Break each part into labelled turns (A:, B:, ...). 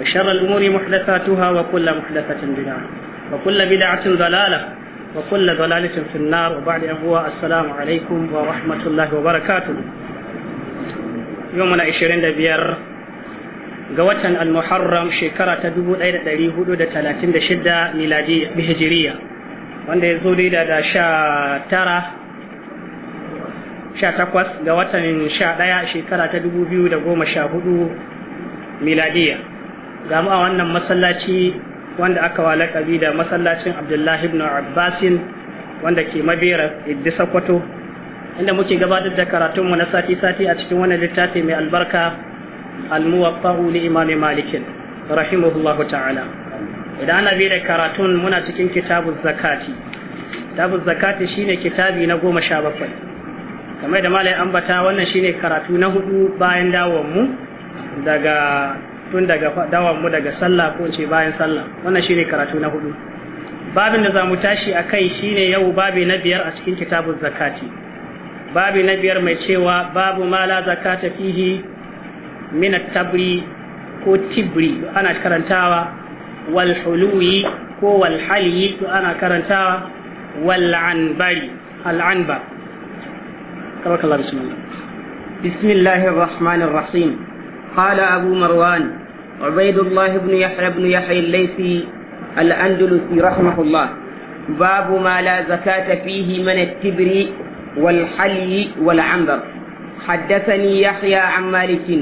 A: وشر الأمور محدثاتها وكل محدثة بدعة وكل بدعة ضلالة وكل ضلالة في النار وبعد أبوة السلام عليكم ورحمة الله وبركاته يومنا 25 ga watan al-muharram shekara ta 1436 miladi hijiriya wanda ya zo daidai da sha tara sha takwas ga watan sha ɗaya goma sha hudu miladiya ga ma a wannan masallaci wanda aka wa laƙabi da masallacin abdullahi ibn abbasin wanda ke mabera idda sakwato inda muke gabatar da karatunmu na sati-sati a cikin wannan littafi mai albarka almuwaffa'u li imami malikin rahimahullahu ta'ala idan ana bi da karatun muna cikin kitabun zakati kitabun zakati shine kitabi na goma sha bakwai kamar da malai ambata wannan shine karatu na hudu bayan dawon mu daga tun daga dawon mu daga sallah ko ce bayan sallah wannan shine karatu na hudu babin da zamu tashi akai shine yau babi na biyar a cikin kitabun zakati babi na biyar mai cewa babu ma la zakata fihi min tabri ko tibri ana karantawa wal huluwi ko wal hali ana karantawa wal anbari
B: al anbar tabarakallah bismillah bismillahir rahmanir rahim قال أبو مروان عبيد الله بن يحيى بن يحيى الليثي الأندلسي رحمه الله باب ما لا زكاة فيه من التبر والحلي والعنبر حدثني يحيى عن مالك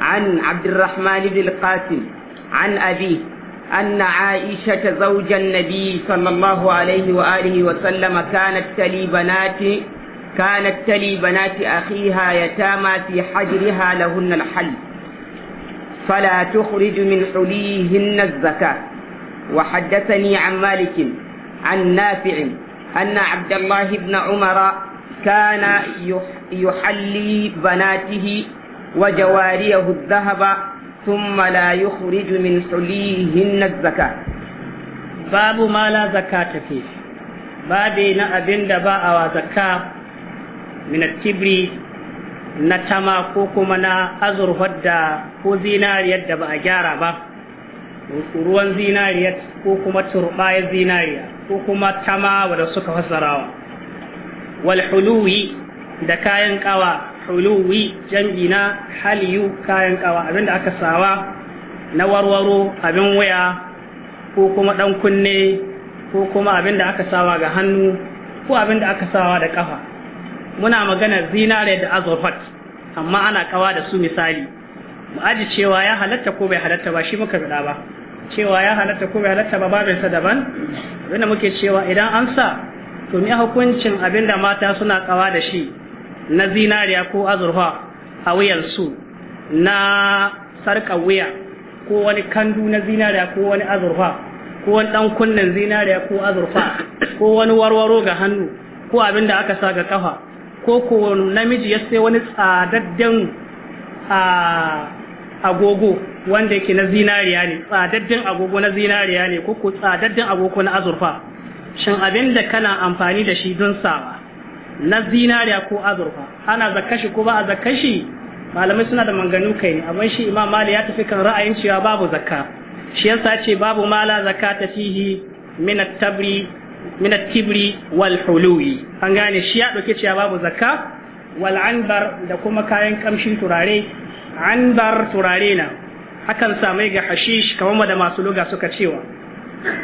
B: عن عبد الرحمن بن القاسم عن أبيه أن عائشة زوج النبي صلى الله عليه وآله وسلم كانت تلي بنات كانت تلي بنات أخيها يتامى في حجرها لهن الحل فلا تخرج من حليهن الزكاة وحدثني عن مالك عن نافع أن عبد الله بن عمر كان يحلي بناته وجواريه الذهب ثم لا يخرج من حليهن الزكاة باب ما لا زكاة فيه babi na abin da ba a
A: wa zakka minatibri na tama ko kuma na azurfar da ko zinariyar da ba a gyara ba ruwan zinariyar ko kuma turbayar zinariya ko kuma tama wadda suka fasarawa wal huluwi da kayan kawa huluwi jam'i na haliyu kayan kawa abinda aka sawa na warwaro abin waya ko kuma dan kunne ko kuma abinda aka sawa ga hannu ko abinda aka sawa da kafa muna maganar zinare da azurfat amma ana kawa da su misali mu aji cewa ya halatta ko bai halatta ba shi muka bada ba cewa ya halatta ko bai halatta ba babin sa daban abinda muke cewa idan an sa to ni hukuncin abinda mata suna kawa da shi na zinariya ko azurfa a wuyar su na sarka wuya ko wani kandu na zinariya ko wani azurfa ko wani dan kunnen zinariya ko azurfa ko wani warwaro ga hannu ko abinda aka sa ga kafa ko namiji ya sai wani tsadadden agogo wanda yake na zinariya ne tsadadden agogo na zinariya ne ko tsadadden agogo na azurfa shin abin da kana amfani da shi don sawa na zinariya ko azurfa ana zakashi ko ba a zakashi malamai suna da manganu kai ne amma shi imam mali ya tafi kan ra'ayin cewa babu zakka shi yasa ce babu mala zakata fihi min at-tabri min kibri tibri wal huluwi an gane shi ya dauke cewa babu zakka wal anbar da kuma kayan kamshin turare anbar turare na akan samai ga hashish kamar da masu luga suka cewa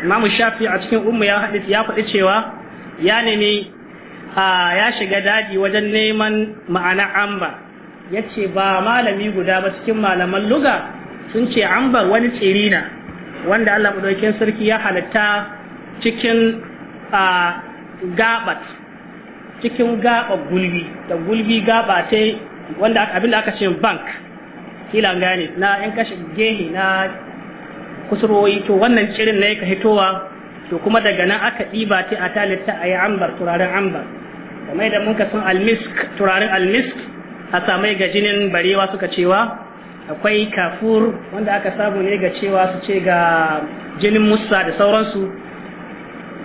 A: Imam Shafi a cikin ummu ya hadith ya faɗi cewa ya nemi ya shiga daji wajen neman ma'ana amba ya ce ba malami guda ba cikin malaman luga sun ce ambar wani tsiri na wanda allah maɗaukin sarki ya halatta cikin a gabat cikin gaba gulbi da gulbi gaba ta wanda abinda aka ce bank kila gane na yan kashe gehe na kusurwoyi to wannan cirin na yaka hitowa to kuma daga nan aka ɗiba ta a talitta a yi ambar turaren ambar kamar da muka sun almisk turaren almisk a samai ga jinin barewa suka cewa akwai kafur wanda aka samu ne ga cewa su ce ga jinin musa da sauransu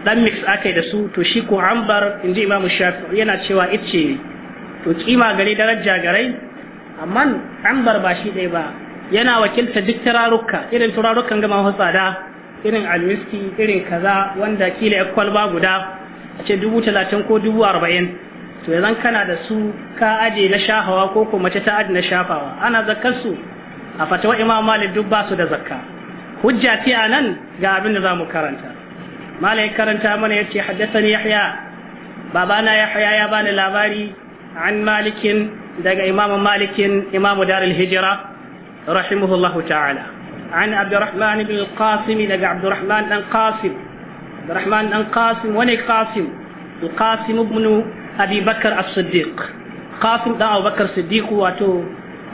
A: dan mix akai da su to shi ko ambar inji imamu shafi yana cewa ice to kima gare daraja gare amma ambar ba shi ɗaya ba yana wakilta duk turaruka irin turarukan gama wasu tsada irin almiski irin kaza wanda kila ya kwalba guda a ce dubu talatin ko dubu arba'in to yanzu kana da su ka aje na shahawa ko ko mace ta aji na shafawa ana zakar su a fatawa imam malik duk ba su da zakka hujja a nan ga abin da za mu karanta malai karanta mana yace haddathani yahya babana yahya ya bani labari an malikin daga imam malikin imam darul hijra rahimahullahu ta'ala an abdurrahman bin qasim daga abdurrahman dan qasim abdurrahman dan qasim wani qasim qasim ibn abi bakr as-siddiq qasim dan abubakar siddiq wato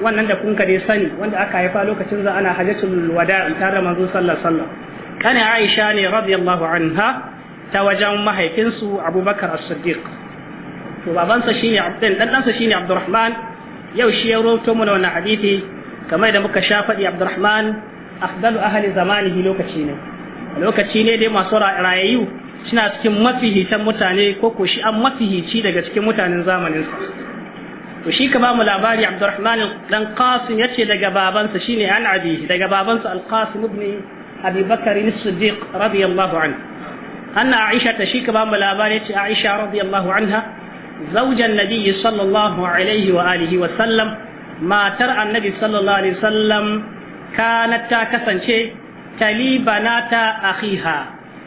A: wannan da kun ka dai sani wanda aka haifa lokacin za ana hajjatul wada'i tare da manzo sallallahu alaihi wasallam kanin aisha ne radiyallahu anha ta wajen mahaifinsu abubakar as-siddiq to babansa shine abdin dan ɗansa shine abdurrahman yau shi ya rawaito mu da wannan hadisi kamar da muka sha faɗi abdurrahman afdalu ahli zamanihi lokaci ne lokaci ne dai masu rayayyu suna cikin mafihitan mutane ko ko shi an mafihici daga cikin mutanen zamaninsa to shi ka bamu labari abdurrahman dan qasim yace daga babansa shine an abi daga babansa al-qasim ibn abi bakarin siddiq radiyallahu an aisha ta shi ka bamu labarai ce aisha radiyallahu anha zaujan nabiyyi sallallahu alaihi wa alihi wa sallam matar annabi sallallahu alaihi wa sallam kanat ta kasance talibanata akhiha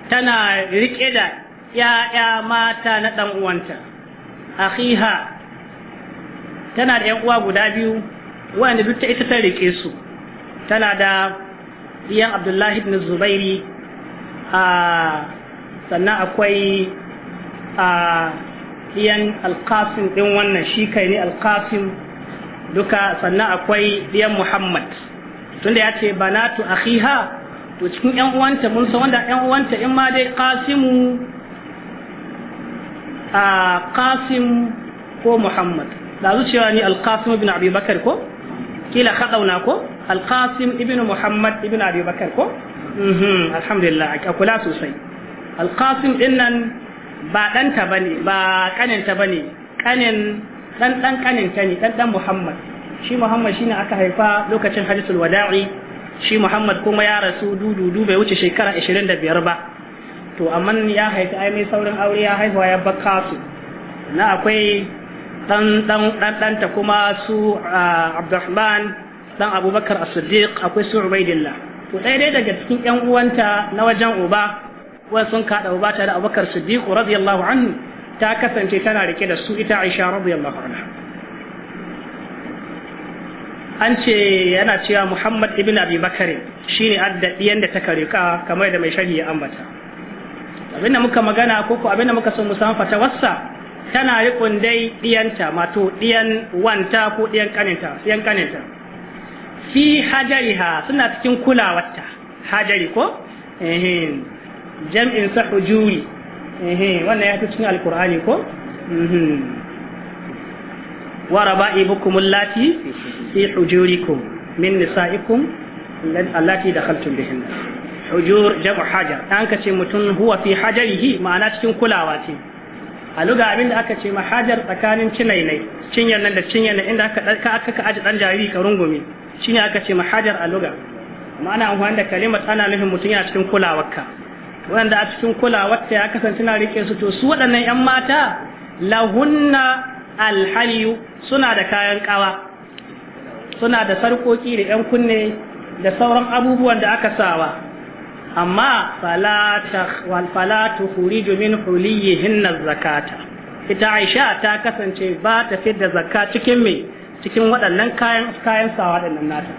A: tana rike da ya'ya mata na dan uwanta akhiha tana da yan uwa guda biyu wanda duk ta ita ta rike su tana da ɗiyan abdullahi ibn zubairi a sannan akwai a ɗiyan alkasim ɗin wannan shi kai ne alkasim duka sannan akwai ɗiyan muhammad tunda ya ce banatu akhiha to cikin yan uwanta mun san wanda yan uwanta in ma dai qasimu a qasim ko muhammad da cewa ni al-qasim ibn abi bakar ko kila khadauna ko alqasim Ibnu muhammad Ibnu abi bakar ko mhm, alhamdulillah a kula sosai alqasim din nan ba ɗanta ba ne ba ƙaninta ba ne ƙanin ɗan ƙaninta ne ɗan muhammad shi muhammad shi ne aka haifa lokacin hadisul wada'i shi muhammad kuma ya rasu dududu bai wuce shekara biyar ba to amma ya haifi ai mai saurin aure ya haifa ya baka su na akwai ɗan ɗan ɗanta kuma su ah, Abdulrahman. dan abubakar as-siddiq akwai su ubaidillah to ɗaya dai daga cikin 'yan uwanta na wajen uba wani sun kaɗa uba ta da abubakar siddiq radiyallahu anhu ta kasance tana rike da su ita aisha radiyallahu anha an ce yana cewa muhammad ibn abi bakar shine addabiyan da ta karika kamar da mai sharhi ya ambata abinda muka magana ko ko abinda muka son mu san wassa tana rikon dai diyanta mato diyan wanta ko diyan kaninta diyan kaninta fi hajariha suna cikin kulawarta hajari ko jam'in sa hujuri wannan ya fi cikin alkur'ani ko wa raba'ibukum lati fi hujurikum min nisa'ikum allati dakhaltum bihin hujur jam'u hajar dan kace mutun huwa fi hajarihi ma'ana cikin kulawa ce a luga abin da aka ce ma hajar tsakanin cinai nai. cinyar nan da cinyar nan inda aka aka aji dan jariri ka rungume shine aka ce mahajar a luga ma'ana amfani da kalimar ana nufin mutum yana cikin kulawarka wanda a cikin kulawarta ya kasance na rike su to su waɗannan 'yan mata lahunna alhaliyu suna da kayan ƙawa. suna da sarƙoƙi da 'yan kunne da sauran abubuwan da aka sawa amma falatu huriju min huliyihin na zakata ita aisha ta kasance ba ta fi da zakka cikin mai cikin waɗannan kayan kayan sawa waɗannan nata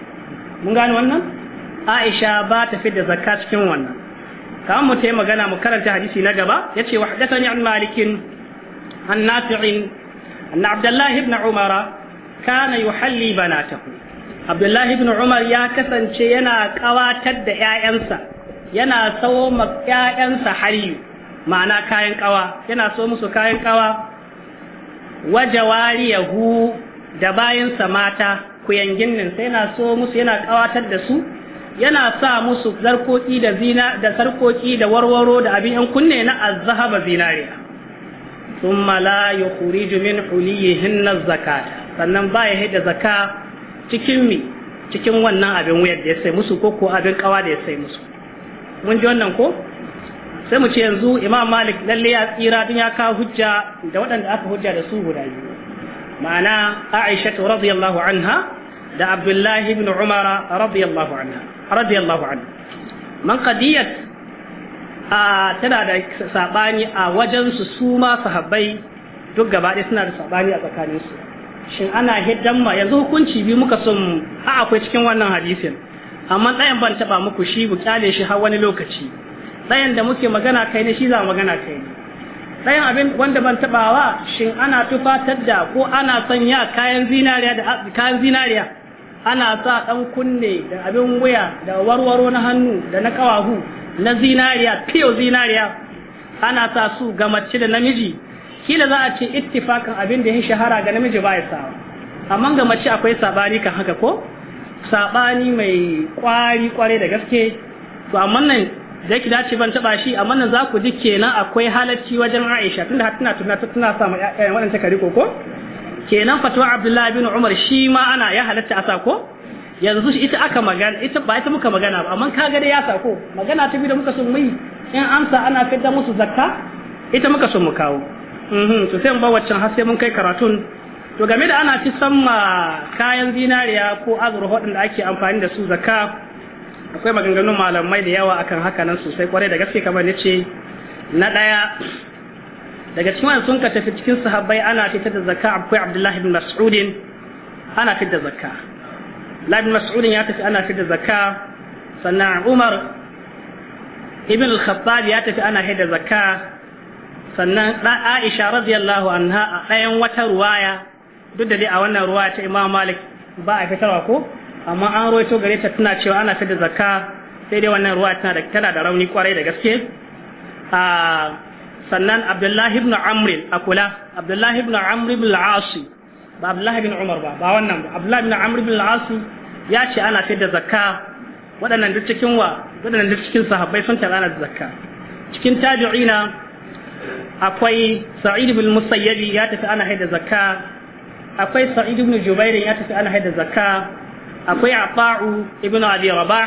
A: mun gane wannan Aisha ba ta fi da zakka cikin wannan kamar mu tayi magana mu karanta hadisi na gaba yace wa hadathani an malikin an nafi'in أن عبد الله yana kawatar da ƴaƴansa yana sawo ma ƴaƴansa hari ma'ana kayan kawa yana so musu kayan kawa wajawariyahu da bayansa mata kuyangin nan sai yana so musu yana kawatar da su yana sa musu zarkoki da zina da sarkoki da warwaro da abin yan kunne na azhaba zinariya thumma la yukhriju min huliyihinna zakata sannan baya hida zaka cikin mi cikin wannan abin wuyar da ya sai musu ko ko abin kawa da ya sai musu mun ji wannan ko sai mu ce yanzu imam malik lalle ya tsira din ya kawo hujja da waɗanda aka hujja da su guda biyu ma'ana Aisha radiyallahu anha da Abdullahi ibn Umar radiyallahu anha radiyallahu anha man qadiyat a tana da sabani a wajen su su ma sahabbai duk gaba ɗaya suna da sabani a tsakanin su shin ana hiddan ma yanzu hukunci biyu muka sun a akwai cikin wannan hadisin amma ɗayan ban taba muku shi bu kyale shi har wani lokaci ɗayan da muke magana kai ne shi za magana kai ne ɗayan abin wanda ban tabawa shin ana tufatar da ko ana sanya kayan zinariya da kayan zinariya ana sa ɗan kunne da abin wuya da warwaro na hannu da na kawahu na zinariya fiyo zinariya ana sa su ga mace da namiji kila za a ce ittifakan abin da ya shahara ga namiji ba ya sawa amma ga mace akwai sabani kan haka ko sabani mai kwari kware da gaske to amma nan da ki dace ban taba shi amma nan za ku ji kenan akwai halacci wajen Aisha tunda har tana tuna tana sa mai ƴaƴan wannan ta riko ko kenan fatuwa Abdullahi bin Umar shi ma ana ya halatta a sako yanzu ita aka magana ita ba ita muka magana ba amma kaga dai ya sako magana ta bi da muka sun mai in amsa ana fidda musu zakka ita muka sun mu kawo mhm to sai mun ba waccan har sai mun kai karatun to game da ana ci samma kayan zinariya ko azurfa da ake amfani da su zakka akwai maganganun malamai da yawa akan haka nan sosai kwarai da gaske kamar nace na daya daga cikin wanda sun ka tafi cikin sahabbai ana fitar da zakka akwai Abdullahi ibn Mas'ud ana fitar da zakka Abdullahi ibn Mas'ud ya tafi ana fitar da zakka sannan Umar ibn al-Khattab ya tafi ana fitar da zakka sannan da Aisha radiyallahu anha a ɗayan wata ruwaya duk da dai a wannan ruwaya ta Imam Malik ba a fitarwa ko amma an roito gare ta tana cewa ana fitar da zakka sai dai wannan ruwa tana da tana da rauni kwarai da gaske a ah, sannan abdullahi ibn amr akula abdullahi ibn amr ibn al-as ba abdullahi ibn umar ba ba wannan ba abdullahi ibn amr ibn al-as ya ce ana fitar da zakka waɗannan duk cikin wa waɗannan duk cikin sahabbai sun tana da zakka cikin tabi'ina akwai sa'id ibn musayyib ya tafi ana haida zakka akwai sa'id ibn jubair ya tafi ana haida zakka akwai ata'u ibn abi rabah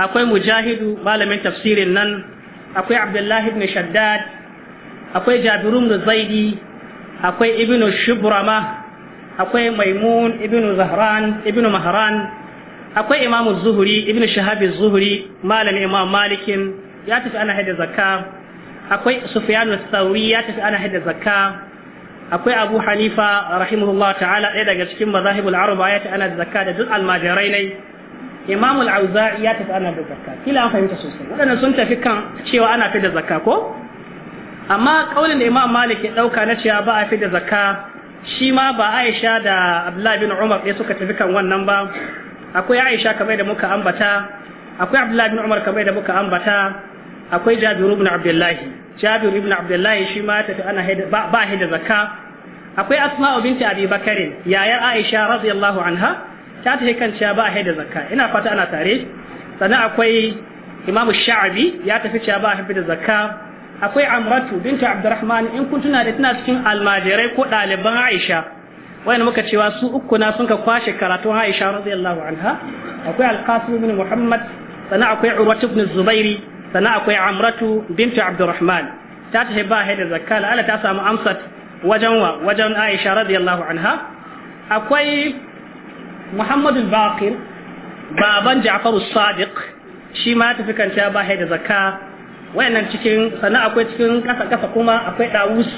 A: akwai mujahidu malamin tafsirin nan akwai abdullahi ibn shaddad akwai jabiru ibn zaidi akwai ibn shubrama akwai maimun ibn zahran ibn mahran akwai imam zuhuri ibn shahab zuhuri malamin imam malikin ya tafi ana hada zakka akwai sufyan al-thawri ya tafi ana hada zakka akwai abu hanifa rahimahullah ta'ala ɗaya daga cikin mazahibul arba ya ta ana da zakka da duk almajirai ne imamul al ya tafi ana da zakka kila an fahimta sosai waɗannan sun tafi kan cewa ana fi da zakka ko amma kaulin da imam malik ya ɗauka na cewa ba a fi da zakka shi ma ba aisha da abdullahi bin umar ɗaya suka tafi kan wannan ba akwai aisha kamar da muka ambata akwai abdullahi bin umar kamar da muka ambata akwai jabiru ibn abdullahi jabiru ibn abdullahi shi ma ta ana ba hida zakka akwai asma'u binti abi bakarin yayar aisha radiyallahu anha ta ta kan cewa ba hida zakka ina fata ana tare sannan akwai imam sha'abi ya tafi cewa ba hida zakka akwai amratu binti abdurrahman in kun tuna da tana cikin almajirai ko ɗaliban aisha wayan muka cewa su uku na sun ka kwashe karatun aisha radiyallahu anha akwai alqasim ibn muhammad sannan akwai urwatu ibn zubairi sannan akwai amratu bintu abdurrahman ta tafi ba haidar zakka la'ala ta samu amsat wajen wa wajen aisha radiyallahu anha akwai muhammadu baqir baban ja'faru sadiq shi ma tafi kanta ba haidar zakka wayannan cikin sannan akwai cikin kasa kasa kuma akwai dawus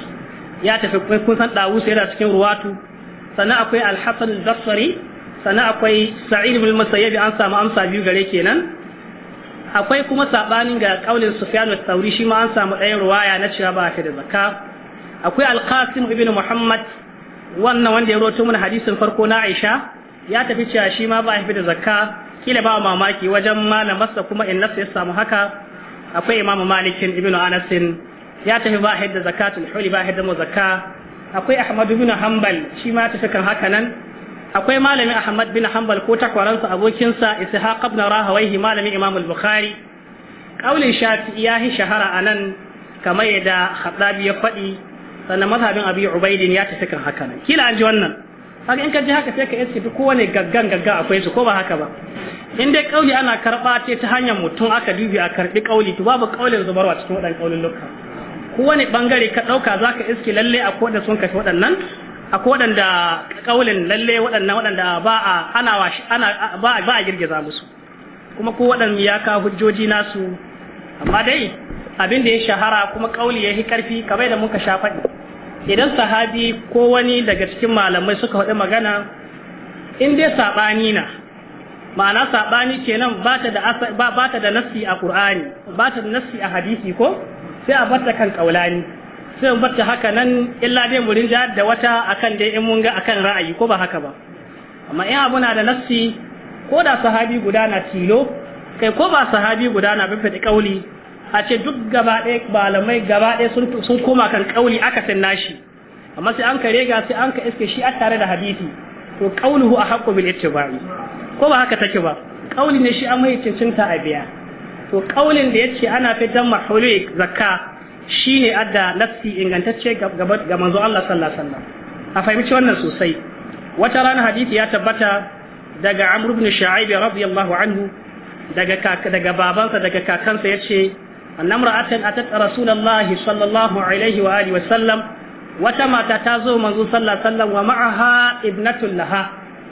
A: ya tafi kun san dawus yana cikin ruwatu sannan akwai alhassan al-basri sannan akwai sa'id ibn musayyib an samu amsa biyu gare kenan akwai kuma sabanin ga kaulin Sufyan al-Thawri shi ma an samu ɗayan ruwaya na cewa ba shi da zakka akwai al-Qasim ibn Muhammad wannan wanda ya roto mana hadisin farko na Aisha ya tafi cewa shi ma ba da zakka kila ba mamaki wajen masa kuma in nasa ya samu haka akwai Imam Malik ibn Anas ya tafi ba da zakatul huli ba shi da zakka akwai Ahmad ibn Hanbal shi ma tafi kan haka nan akwai malamin Ahmad bin Hanbal ko takwaransa abokinsa Ishaq ibn Rahawayhi malamin Imam al-Bukhari kaulin Shafi'i ya hi shahara anan kamar yadda Khattabi ya faɗi sannan mazhabin Abi Ubaidin ya tafi kan haka nan kila an ji wannan haka in ka ji haka sai ka iske duk kowane gaggan gaggan akwai su ko ba haka ba in dai kauli ana karba ce ta hanyar mutum aka dubi a karbi kauli to babu kaulin zubarwa cikin waɗannan kaulin lokacin kowane bangare ka ɗauka za ka iske lalle a kowanne sun kashe waɗannan akwai waɗanda ƙaunin lalle waɗannan waɗanda ba a ana ba ba girgiza musu kuma ko waɗanda ya ka hujjoji nasu amma dai abin da ya shahara kuma kauli ya yi karfi kamar da muka sha faɗi idan sahabi ko wani daga cikin malamai suka faɗi magana in dai saɓani na ma'ana saɓani kenan ba ta da ba ta da nassi a ƙur'ani ba ta da nassi a hadisi ko sai a barta kan ƙaulani. sai mu ta haka nan illa dai mu da wata akan dai in mun ga akan ra'ayi ko ba haka ba amma in abuna da nafsi ko da sahabi guda na tilo kai ko ba sahabi guda na bin fadi kauli a ce duk gaba ɗaya malamai gaba ɗaya sun koma kan kauli aka san nashi amma sai an ka rega sai an ka iske shi a tare da hadisi to qauluhu ahqqu bil ittiba'i ko ba haka take ba qauli ne shi an mai cincinta a biya to qaulin da yace ana fitan mahuluq zakka Shi shine adda nafsi ingantacce ga manzo Allah sallallahu alaihi wasallam a fahimci wannan sosai wata rana hadisi ya tabbata daga Amr ibn Shu'aib radiyallahu anhu daga daga babansa daga kakansa yace annamra'atan atat rasulullah sallallahu alaihi wa alihi wasallam wata mata ta zo manzo sallallahu alaihi wasallam wa ma'aha ibnatul laha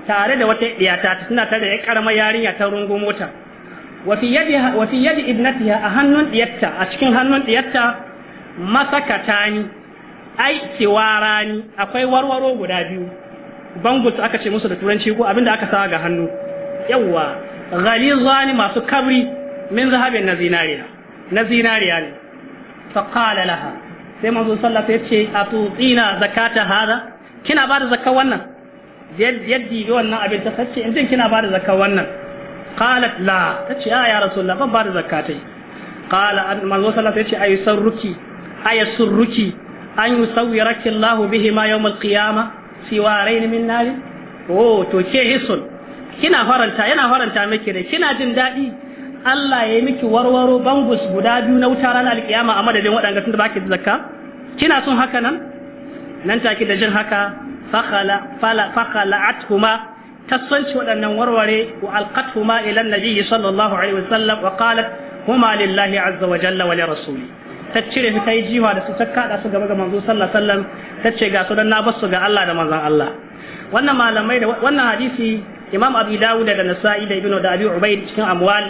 A: tare da wata iyata tana tare da karamar yarinya ta rungo mota wa fi yadi wa fi yadi ibnatiha a hannun diyatta a cikin hannun diyatta Masakata ni ai ni akwai warwaro guda biyu bangus aka ce musu da turanci ko abinda aka saka ga hannu yawa ghalizani masu kabri min zahabin na zinariya na zinariya ne faqala laha sai manzo sallallahu alaihi wasallam ya ce atutina zakata hada kina ba da zakka wannan yaddi ga wannan abin ta sace in kina ba da zakka wannan qalat la tace a ah, ya rasulullah ban ba da zakatai qala manzo sallallahu alaihi wasallam ya ce ayi sarruki aya surruki an yusawwiraki Allah bihi ma min oh to ke hisun kina faranta yana faranta miki ne kina jin daɗi Allah ya yi miki warwaro bangus guda biyu na wuta ranar alkiyama a madadin waɗanda tun da baki zakka kina son haka nan nan take da jin haka fakhala fala fakhala'athuma taswanci waɗannan warware wa alqathuma ila annabi sallallahu alaihi wasallam wa qalat huma lillahi azza wa jalla wa li rasuli ta cire su ta yi jiwa da su ta kada su gaba ga manzo sallallahu alaihi wasallam ta ce ga su dan na su ga Allah da manzon Allah wannan malamai da wannan hadisi Imam Abi Dawud da Nasa'i da Ibn Abi Ubayd cikin Amwal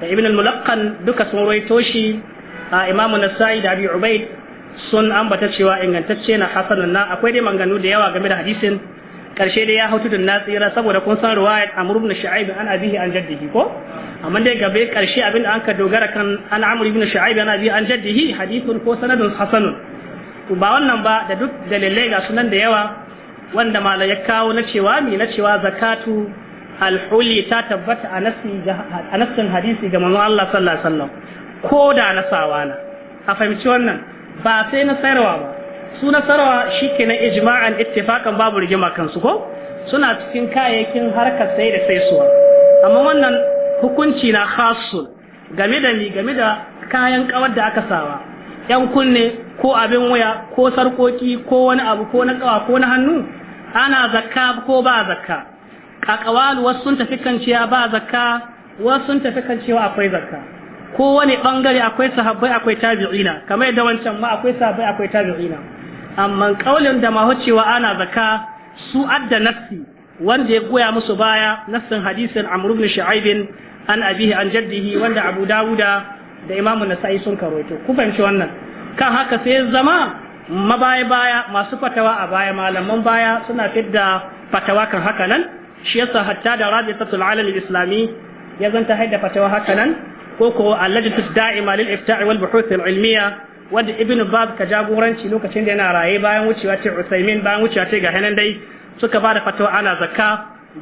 A: da Ibn al-Mulaqqan duka sun rawaito shi a Imam Nasa'i da Abi Ubayd sun ambata cewa ingantacce na hasanun na akwai dai manganu da yawa game da hadisin karshe da ya hutu da nasira saboda kun san riwayat amr ibn shu'aib an abihi an jaddihi ko amma dai gabe karshe abin da anka dogara kan an amr ibn shu'aib an abihi an jaddihi hadithun ko sanadun hasan to ba wannan ba da duk dalilai ga sunan da yawa wanda mala ya kawo na cewa mi na cewa zakatu al-huli ta tabbata a nassin hadisi ga manzon Allah sallallahu alaihi wasallam ko da na sawana a fahimci wannan ba sai na sayarwa ba su nasarawa shi ke nan ijma'an ittifakan babu rigima kansu ko suna cikin kayayyakin harkar sai da saisuwa amma wannan hukunci na khasul game da ni game da kayan kawar da aka sawa yan kunne ko abin waya ko sarkoki ko wani abu ko na kawa ko na hannu ana zakka ko ba zakka kakawalu wasu sun tafi kan cewa ba zakka wasu sun tafi kan cewa akwai zakka kowane bangare akwai sahabbai akwai tabi'ina kamar yadda wancan ma akwai sahabbai akwai tabi'ina amma kaulin da ma wa ana zaka su adda nafsi wanda ya goya musu baya nassin hadisin amr ibn shu'aib an abihi an jaddihi wanda abu dawuda da imamu nasa'i sun karoito ku fahimci wannan kan haka sai zama mabaya baya masu fatawa a baya malaman baya suna fidda fatawa kan haka nan shi yasa hatta da rabi'atul alal islami ya zanta haida fatawa haka nan ko ko allajnatu da'ima lil ifta'i wal buhuth al ilmiya wanda ibnu bab ka jagoranci lokacin da yana raye bayan wucewa ce usaimin bayan wucewa ce ga hanan dai suka bada fatawa ana zakka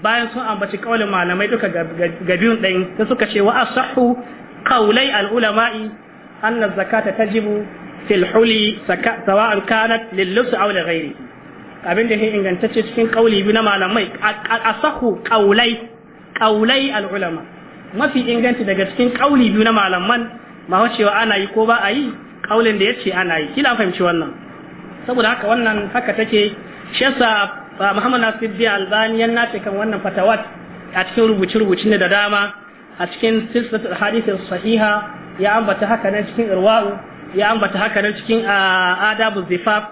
A: bayan sun ambaci kaulin malamai duka gabiun din da suka ce wa asahu qaulai al ulama'i anna zakata tajibu fil huli sawa'an kanat lil lubs aw li ghairihi abin da ingantacce cikin kauli biyu na malamai asahu qaulai qaulai al mafi inganci daga cikin kauli biyu na malaman ma cewa ana yi ko ba a yi kaulin da ya ce ana yi kila fahimci wannan saboda haka wannan haka take shesa ba Muhammad Nasir biya Albani yan nace kan wannan fatawat a cikin rubuce rubucin da dama a cikin silsilatul hadith sahiha ya ambata haka nan cikin irwa'u ya ambata haka nan cikin adabu zifaf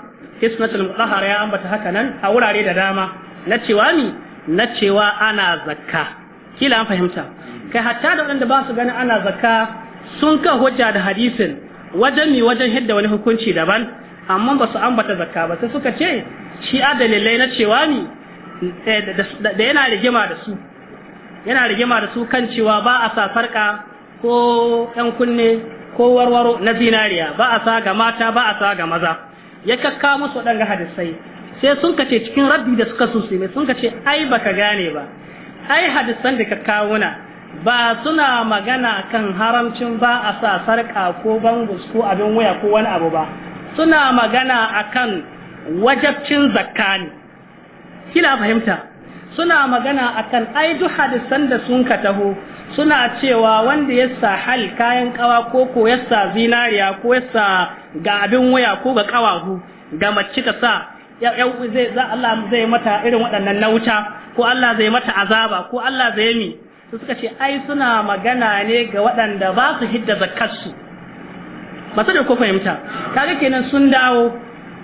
A: hisnatul mutahhara ya ambata haka nan a wurare da dama na cewa ni na cewa ana zakka kila an fahimta kai hatta da waɗanda ba su gani ana zakka sun kan hujja da hadisin wajen mi wajen hidda wani hukunci daban amma ba su ambata zakka ba sai suka ce shi adalilai na cewa ni. Eh, da yana rigima da su yana rigima da su kan cewa ba a sa farka ko yan kunne ko warwaro na zinariya ba a sa ga mata ba a sa ga maza ya kakka musu waɗanga hadisai sai sun ka ce cikin rabbi da suka sun sun ka ce ai baka gane ba ai hadisan da ka kawo na ba suna magana kan haramcin ba a sa sarƙa ko bangus ko abin waya ko wani abu ba suna magana akan wajabcin zakka ne kila fahimta suna magana akan ai duk hadisan da sun ka taho suna cewa wanda ya sa hal kayan kawa ko ko ya sa zinariya ko ya sa ga abin waya ko ga kawahu ga mace ka sa zai Allah zai mata irin waɗannan na wuta ko Allah zai mata azaba ko Allah zai mi su suka ce ai suna magana ne ga waɗanda ba su hidda zakkarsu ba su da ko fahimta kaga kenan sun dawo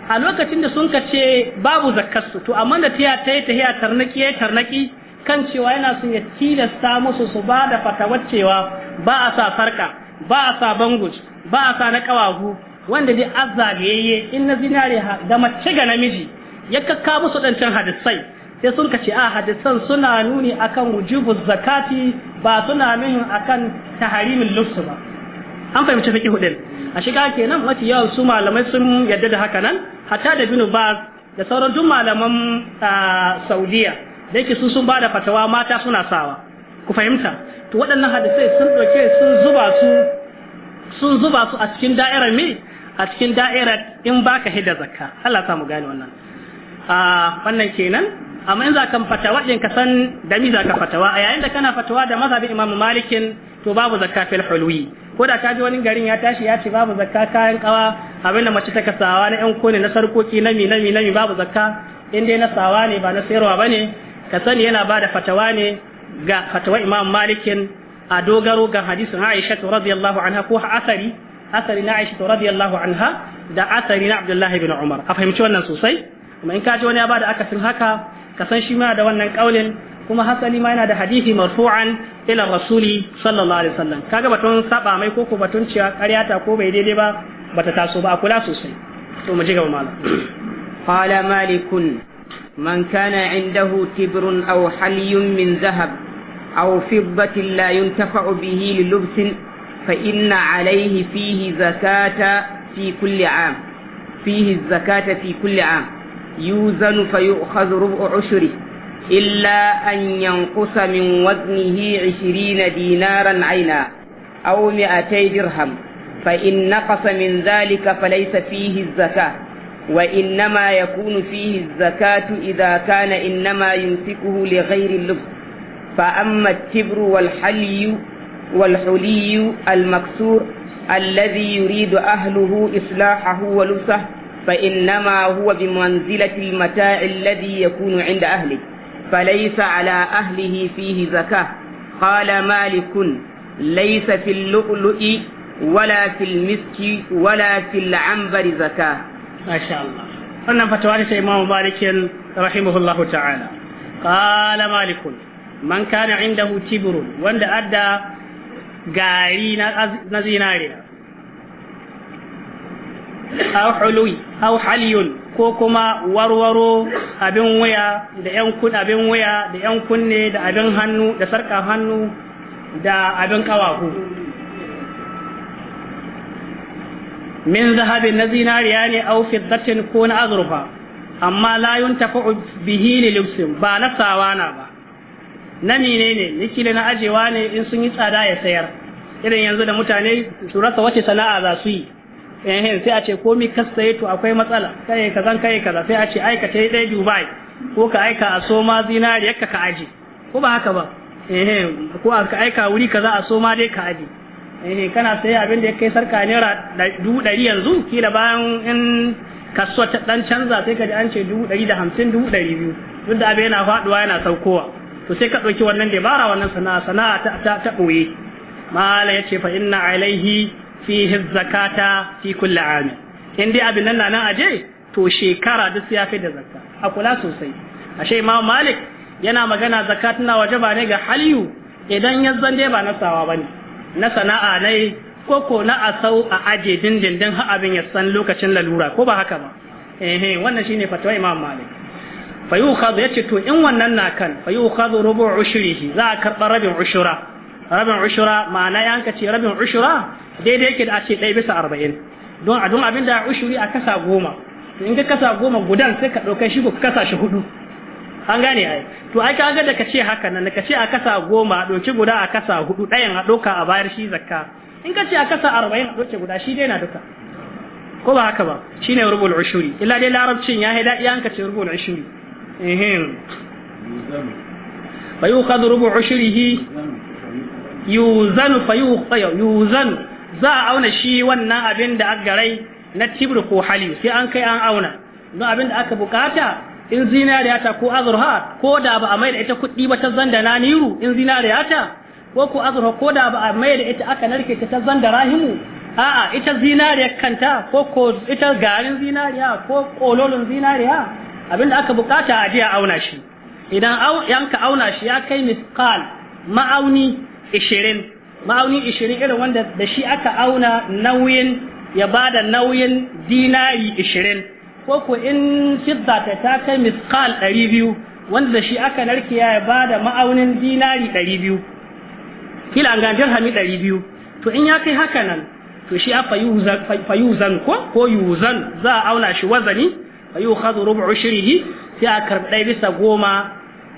A: a lokacin da sun ka ce babu zakkarsu to amma da tiya ta yi tahiya tarnaki ya tarnaki kan cewa yana sun ya tilasta musu su ba da fatawar cewa ba a sa farka ba a sa bangus ba a sa na ƙawagu wanda dai azagayayye in na zinare da mace ga namiji ya kakka musu dancan hadisai sai sun kace a ah, hadisan suna nuni akan wujubu zakati ba suna nuhin akan taharimin lufsu ba an fahimci fiki hudin a shiga kenan mafi yawan su malamai sun yadda da haka nan hatta da binu ba da sauran duk malaman ah, saudiya da yake su sun bada fatawa mata suna sawa ku fahimta to waɗannan hadisai sun ɗauke sun zuba su sun zuba su a cikin da'irar mai a cikin da'ira in baka hidda zakka Allah samu gane wannan a wannan kenan amma in za ka fatawa din ka san da mi za ka fatawa a yayin da kana fatawa da mazhabin Imam Malikin to babu zakka fil hulwi ko da ka ji wani garin ya tashi ya ce babu zakka kayan kawa abin da mace ta kasawa na yan kone na sarkoki na mi na mi na mi babu zakka in dai na sawa ne ba na sayarwa bane ka sani yana da fatawa ne ga fatawa Imam Malikin a dogaro ga hadisin Aisha radiyallahu anha ko asari أثر عائشة رضي الله عنها ده أثر عبد الله بن عمر أفهم شو أنا سوسي وما إن كاجون يا بعد أكثر هكا كسن شما ده وانا كأول وما حصل ما إن ده حديث مرفوعا إلى الرسول صلى الله عليه وسلم كذا بتون سبع ما يكون بتون شيا أريات أكو بيدي
B: لبا بتتاسو بأكل سوسي ثم جيجا ومالا قال مالك من كان عنده تبر أو حلي من ذهب أو فضة لا ينتفع به للبس فإن عليه فيه زكاة في كل عام فيه الزكاة في كل عام يوزن فيؤخذ ربع عشره إلا أن ينقص من وزنه عشرين دينارا عينا أو مئتي درهم فإن نقص من ذلك فليس فيه الزكاة وإنما يكون فيه الزكاة إذا كان إنما يمسكه لغير اللبس فأما التبر والحلي والحلي المكسور الذي يريد أهله إصلاحه ولبسه فإنما هو بمنزلة المتاع الذي يكون عند أهله فليس على أهله فيه زكاة قال مالك ليس في اللؤلؤ ولا في المسك ولا في العنبر زكاة ما شاء الله قلنا فتوارث إمام مالك
A: رحمه الله تعالى قال مالك من كان عنده تبر wanda أدى gari na zinariya aw hului ko kuma warwaro abin waya da yan kun abin waya da yan kunne da abin hannu da sarka hannu da abin kawaku min zahabin na zinariya ne aw fiddatin ko na azurfa amma layun tafi bihi ne lusin ba na sawana ba na mine ne nikila na ajewa ne in sun yi tsada ya sayar irin yanzu da mutane su rasa wace sana'a za su yi ehe sai a ce komi ka saye to akwai matsala kai kazan kai kaza sai a ce aika ta dai Dubai ko ka aika a soma zinari yakka ka aje ko ba haka ba ehe ko ka aika wuri kaza a soma dai ka aje ehe kana sai abin da ya kai sarka naira dubu ɗari yanzu kila bayan in kasuwa ta dan canza sai ka ji an ce dubu ɗari da hamsin dubu ɗari biyu duk da abin yana faduwa yana saukowa to sai ka ɗauki wannan dabara wannan sana'a sana'a ta ta ta ɓoye mala ya ce fa inna alaihi fi zakata fi kulli am in dai abin nan nan aje to shekara duk ya fi da zakka a kula sosai ashe ma malik yana magana zakat na wajaba ne ga haliyu idan ya zan dai ba na sawa bane na sana'a ne ko ko na asau a aje dindindin har abin ya san lokacin lalura ko ba haka ba eh eh wannan shine fatwa imam malik fayukhadhu yace to in wannan na kan fayukhadhu rubu ushrihi za a karba rabin ushura rabin ushura ma'ana yanka ce rabin ushura daidai yake da a ce 1 bisa 40 don a don abinda ushuri a kasa goma to in ka kasa goma gudan sai ka dauka shi ko kasa shi hudu an gane ai to ai ka ga da kace haka nan da kace a kasa goma a doki guda a kasa hudu ɗayan a dauka a bayar shi zakka in ka ce a kasa 40 a doke guda shi dai na duka ko ba haka ba shine rubul ushuri illa dai larabcin ya hada iyanka ce rubul ushuri فيؤخذ rubu عشره yuzanu fa yuzanu za a auna shi wannan abin da aka garai na tibr ko hali sai an kai an auna don abin da aka bukata in zinariya ta ko azurha ko da ba a mai da ita kuɗi ba ta zanda na niru in zinariya ta ko ko azurha ko da ba a mai da ita aka narke ta ta zanda rahimu a'a ita zinariya kanta ko ko ita garin zinariya ko kololin zinariya abinda aka bukata a jiya auna shi idan yanka auna shi ya kai misqal ma'auni 20 ma'auni 20 irin wanda da shi aka auna nauyin ya bada nauyin dinari 20 ko ko in fidda ta ta kai misqal 200 wanda da shi aka narke ya bada ma'aunin dinari 200 kila an ga dirhami 200 to in ya kai haka nan to shi a fayuzan ko ko yuzan za a auna shi wazani yukhadhu rubu shirihi sai a ɗaya bisa goma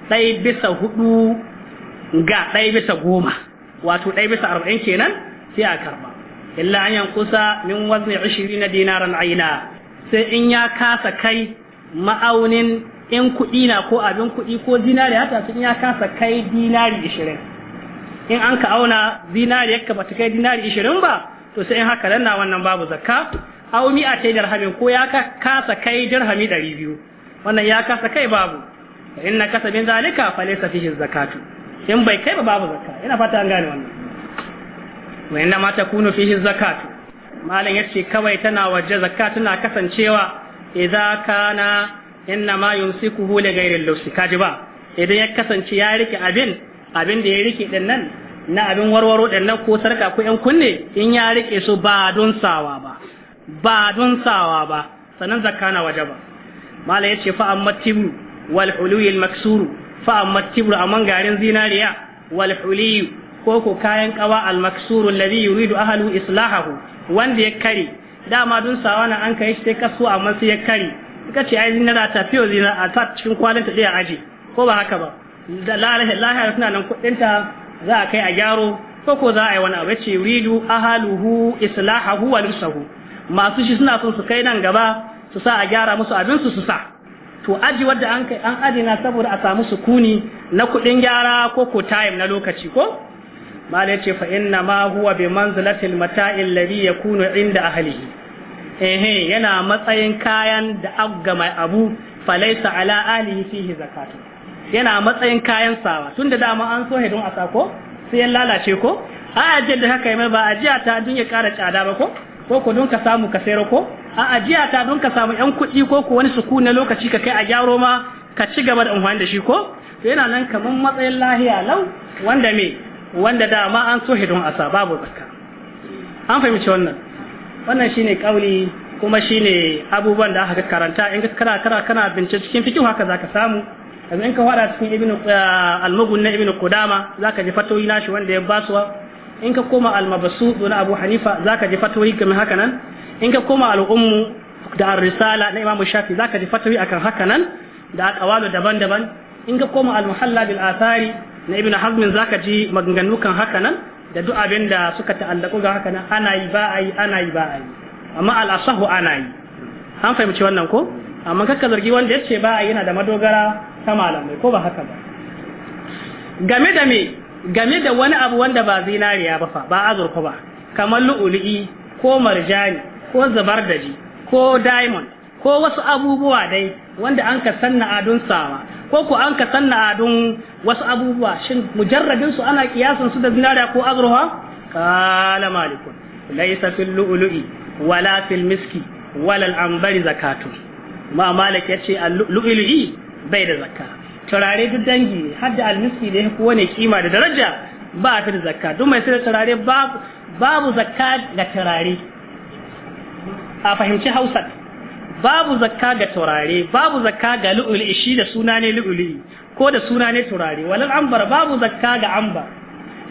A: ɗaya bisa hudu ga ɗaya bisa goma wato ɗaya bisa arba'in kenan sai a illa an yankusa min wazni ishiri na dinaran aina sai in ya kasa kai ma'aunin in kuɗi na ko abin kuɗi ko dinari hata sun ya kasa kai dinari ishirin in an ka auna dinari yakka bata kai dinari ishirin ba to sai in haka nan na wannan babu zakka a mi'ati dirhamin ko ya kasa kai dirhami 200 wannan ya kasa kai babu in na kasa zalika fa laysa fihi zakatu in bai kai ba babu zakka ina fata an gane wannan wa inna ma takunu fihi zakatu malam yace kawai tana waje zakka tana kasancewa idza kana inna ma yumsikuhu li ghayri al kaji ba idan ya kasance ya rike abin abin da ya rike din nan na abin warwaro din nan ko sarka ko yan kunne in ya rike su ba don sawa ba ba don sawa ba sannan zakka na waje ba mala yace fa amma tibru wal huluy al maksuru fa amma tibru amman garin zinariya wal huluy ko ko kayan kawa al maksuru alladhi yuridu ahlu islahahu wanda ya kare dama don sawa na an kai shi sai kasu amma sai ya kare kace ai zinara ta fiyo zinara a ta cikin kwalin ta da aje ko ba haka ba lalahi lalahi suna nan kudin ta za a kai a gyaro ko ko za a yi wani abu ce yuridu ahaluhu islahahu wa lusahu masu shi suna son su kai nan gaba su sa a gyara musu abin su su sa to aji wadda an kai an adina saboda a samu sukuni na kuɗin gyara ko ko time na lokaci ko malai ce fa inna ma huwa bi manzilatil mata'il ladhi yakunu inda ahlihi eh yana matsayin kayan da agga mai abu falaisa ala ahlihi fihi zakatu yana matsayin kayan sawa tunda dama an so a sako? sai ya lalace ko a ajiyar da haka yi mai ba ajiya ta dun ya kara tsada ba ko ko ko don ka samu ka sayar ko a ajiya ta don ka samu yan kuɗi ko ko wani suku na lokaci ka kai a gyaro ma ka ci gaba da amfani da shi ko to yana nan kaman matsayin lahiya lau wanda me wanda dama an so hidon asa babu zakka an fahimci wannan wannan shine kauli kuma shine abubuwan da aka karanta in kana kana kana bincike cikin fikihu haka zaka samu yanzu in ka fara cikin ibnu al-mughni ibnu qudama zaka ji fatoyi nashi wanda ya basuwa in ka koma almabasu na Abu Hanifa zaka ji fatawi kamar haka nan in ka koma al'ummu da arisala risala na imamu Shafi zaka ji fatawi akan haka nan da aqwalu daban-daban in ka koma al-muhalla bil athari na Ibn za zaka ji maganganu kan haka nan da duk abin da suka ta'allaku ga haka nan ana yi ba ana yi ba amma al-asahu ana yi an fahimci wannan ko amma kakka zargi wanda ya ce ba yana da madogara ta malamai ko ba haka ba game da me game da wani abu wanda ba zinariya ba fa ba azurfa ba kamar lu'ulu'i ko marjani ko zabardaji ko diamond ko wasu abubuwa dai wanda an ka sanna adun sawa ko ku an ka sanna adun wasu abubuwa shin mujarradin su ana kiyasan su da zinariya ko azurfa Kala malikun laysa fil lu'lu'i wala fil miski wala al-anbari zakatun ma malik yace al-lu'lu'i bai da zakka turare duk dangi har da almiski da ya wani kima da daraja ba a fi zakka duk mai sai da turare babu zakka ga turare a fahimci hausa babu zakka ga turare babu zakka ga lu'ul shi da suna ne lu'ul ko da suna ne turare walal ambar babu zakka ga ambar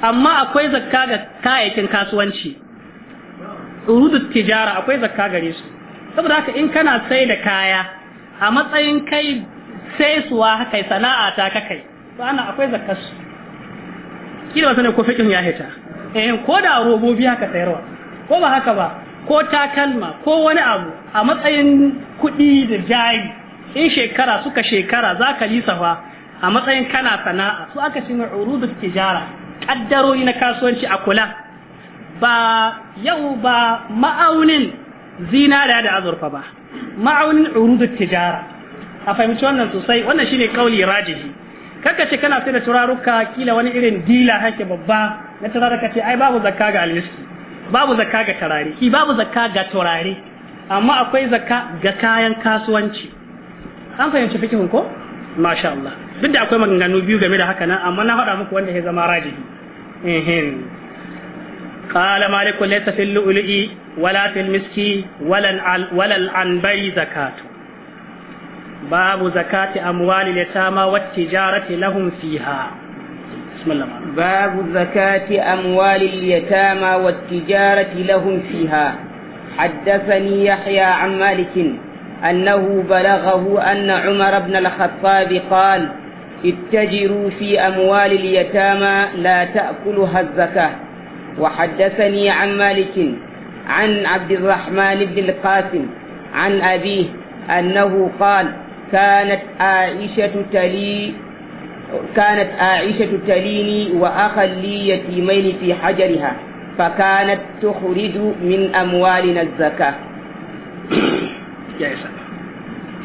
A: amma akwai zakka ga kayayyakin kasuwanci urudu tijara akwai zakka gare su saboda haka in kana sai da kaya a matsayin kai sai suwa kai sana'a ta kakai to ana akwai zakar su kila wasu ne ko fikin ya hita eh ko da robobi haka sayarwa ko ba haka ba ko takalma ko wani abu a matsayin kuɗi da jari in shekara suka shekara za ka lisafa a matsayin kana sana'a su aka ce mai urudu tijara kaddarori na kasuwanci a kula ba yau ba ma'aunin zinariya da azurfa ba ma'aunin urudu tijara a fahimci wannan sosai wannan shine kauli rajihi kaka ce kana sai da turaruka kila wani irin dila hake babba na turaruka ce ai babu zakka ga almiski babu zakka ga tarare ki babu zakka ga turare amma akwai zakka ga kayan kasuwanci an fahimci fikihun ko masha Allah duk da akwai maganganu biyu game da haka nan amma na faɗa muku wanda ya zama rajihi ehin قال مالك ليس في اللؤلؤ ولا في المسك ولا ولا العنبر زكاته باب زكاة
B: أموال اليتامى والتجارة لهم فيها بسم الله باب زكاة أموال اليتامى والتجارة لهم فيها حدثني يحيى عن مالك أنه بلغه أن عمر بن الخطاب قال اتجروا في أموال اليتامى لا تأكلها الزكاة وحدثني عن مالك عن عبد الرحمن بن القاسم عن أبيه أنه قال كانت عائشة تلي كانت عائشة تليني وأخا لي يتيمين في حجرها فكانت تخرج من أموالنا الزكاة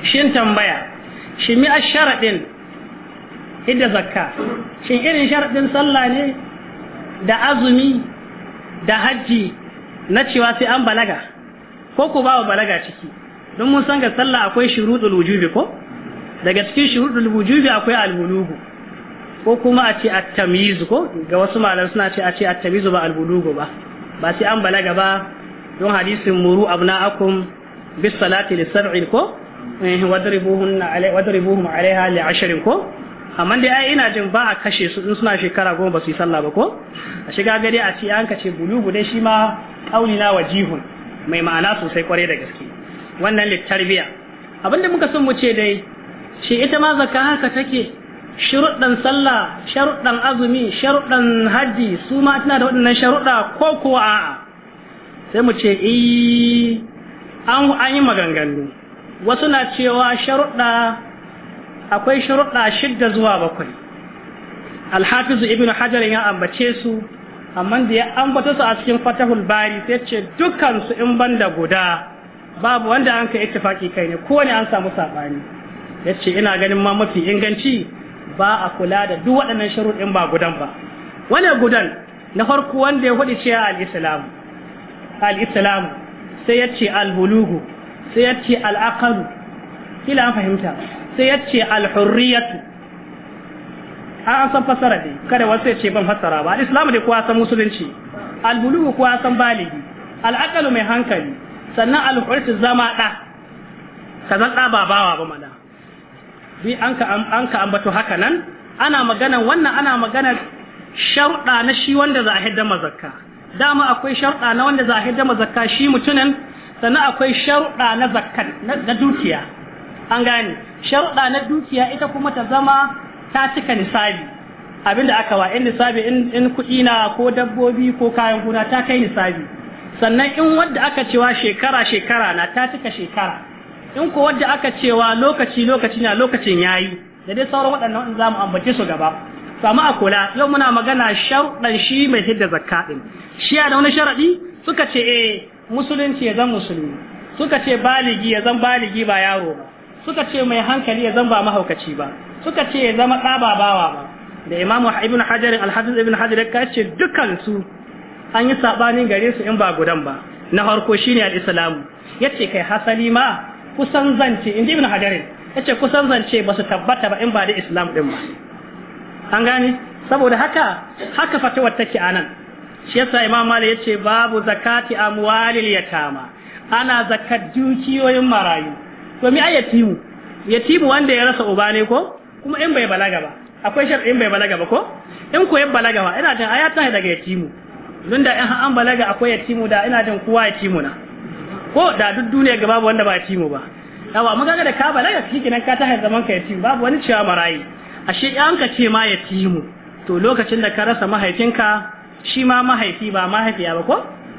A: shin tambaya shi mi a hidda zakka shin irin sharaɗin sallah ne da azumi da hajji na cewa sai an balaga ko ku ba balaga ciki don mun san ga sallah akwai shuruɗul wujubi ko daga cikin shuruɗul wujubi akwai albulugu ko kuma a ce at-tamyiz ko ga wasu malamai suna ce a ce at-tamyiz ba albulugu ba ba sai an balaga ba don hadisin muru abna'akum bis salati lis-sab'i ko eh, wadribuhunna alai wadribuhum alaiha li ko amma dai ai ina jin ba a kashe su in suna shekara goma ba su yi sallah ba ko a shiga gari a ce an kace bulugu dai shi ma kauli na wajihun mai ma'ana sosai kware da gaske wannan littarbiya abinda muka san mu ce dai shi ita ma zakka haka take sharuɗan sallah sharuɗan azumi sharuɗan haji su ma tana da waɗannan sharuɗa ko kuwa a'a sai mu ce eh an yi maganganu wasu na cewa sharuɗa akwai sharuɗa shidda zuwa bakwai alhafizu ibnu hajar ya ambace su amma da ya ambata su a cikin fatahul bari sai ce dukkan in in banda guda babu wanda an ka ittifaki kai ne kowane an samu sabani yace ina ganin ma mafi inganci ba a kula da duk waɗannan sharuɗin ba gudan ba wane gudan na farko wanda ya hudu ce al-islam al-islam sai yace al-bulugu sai yace al-aqlu kila an fahimta sai yace al-hurriyatu an san fasara dai kada wasu ya ce ban fasara ba al-islam dai kuwa san musulunci al-bulugu kuwa san baligi al-aqlu mai hankali sannan alhurtu zama ɗa ka zan ɗa ba bawa ba mana bi an ka ambato haka nan ana magana wannan ana magana sharɗa na shi wanda za a hidda mazakka dama akwai sharɗa na wanda za a hidda mazakka shi mutunan, sannan akwai sharɗa na zakkan na dukiya an gane sharɗa na dukiya ita kuma ta zama ta cika nisabi abinda aka wa in nisabi in kuɗi na ko dabbobi ko kayan gona ta kai nisabi sannan in wadda aka cewa shekara shekara na ta cika shekara in ko wadda aka cewa lokaci lokaci na lokacin yayi da dai sauran waɗannan za mu ambace su gaba samu a kula yau muna magana sharɗan shi mai hidda zakka din shi ya da wani sharaɗi suka ce eh musulunci ya zan musulmi suka ce baligi ya zan baligi ba yaro ba suka ce mai hankali ya zan ba mahaukaci ba suka ce ya zama ɗaba bawa ba da imamu ibn hajar al ibn hajar ya ce dukansu an yi saɓanin gare su in ba gudan ba na shi shine al-islamu yace kai hasali ma kusan zance inda ibn Ya yace kusan zance ba su tabbata ba in ba da islam din ba an gane saboda haka haka fatawar take anan shi yasa imam malik yace babu zakati amwalil yatama ana zakat dukiyoyin marayu to mi ayatimu yatimu wanda ya rasa uba ne ko kuma in bai balaga ba akwai shar'in bai balaga ba ko in ko ya balaga ba ina jin ayatan daga yatimu don da in an balaga akwai ya timo da ina jin kowa ya timo na ko da duk duniya ga babu wanda ba ya timo ba yawa mun kaga da ka balaga shi kenan ka tashi zaman ka ya timo? babu wani cewa marayi ashe yan ka ce ma ya timo? to lokacin da ka rasa mahaifinka shi ma mahaifi ba mahaifiya ba ko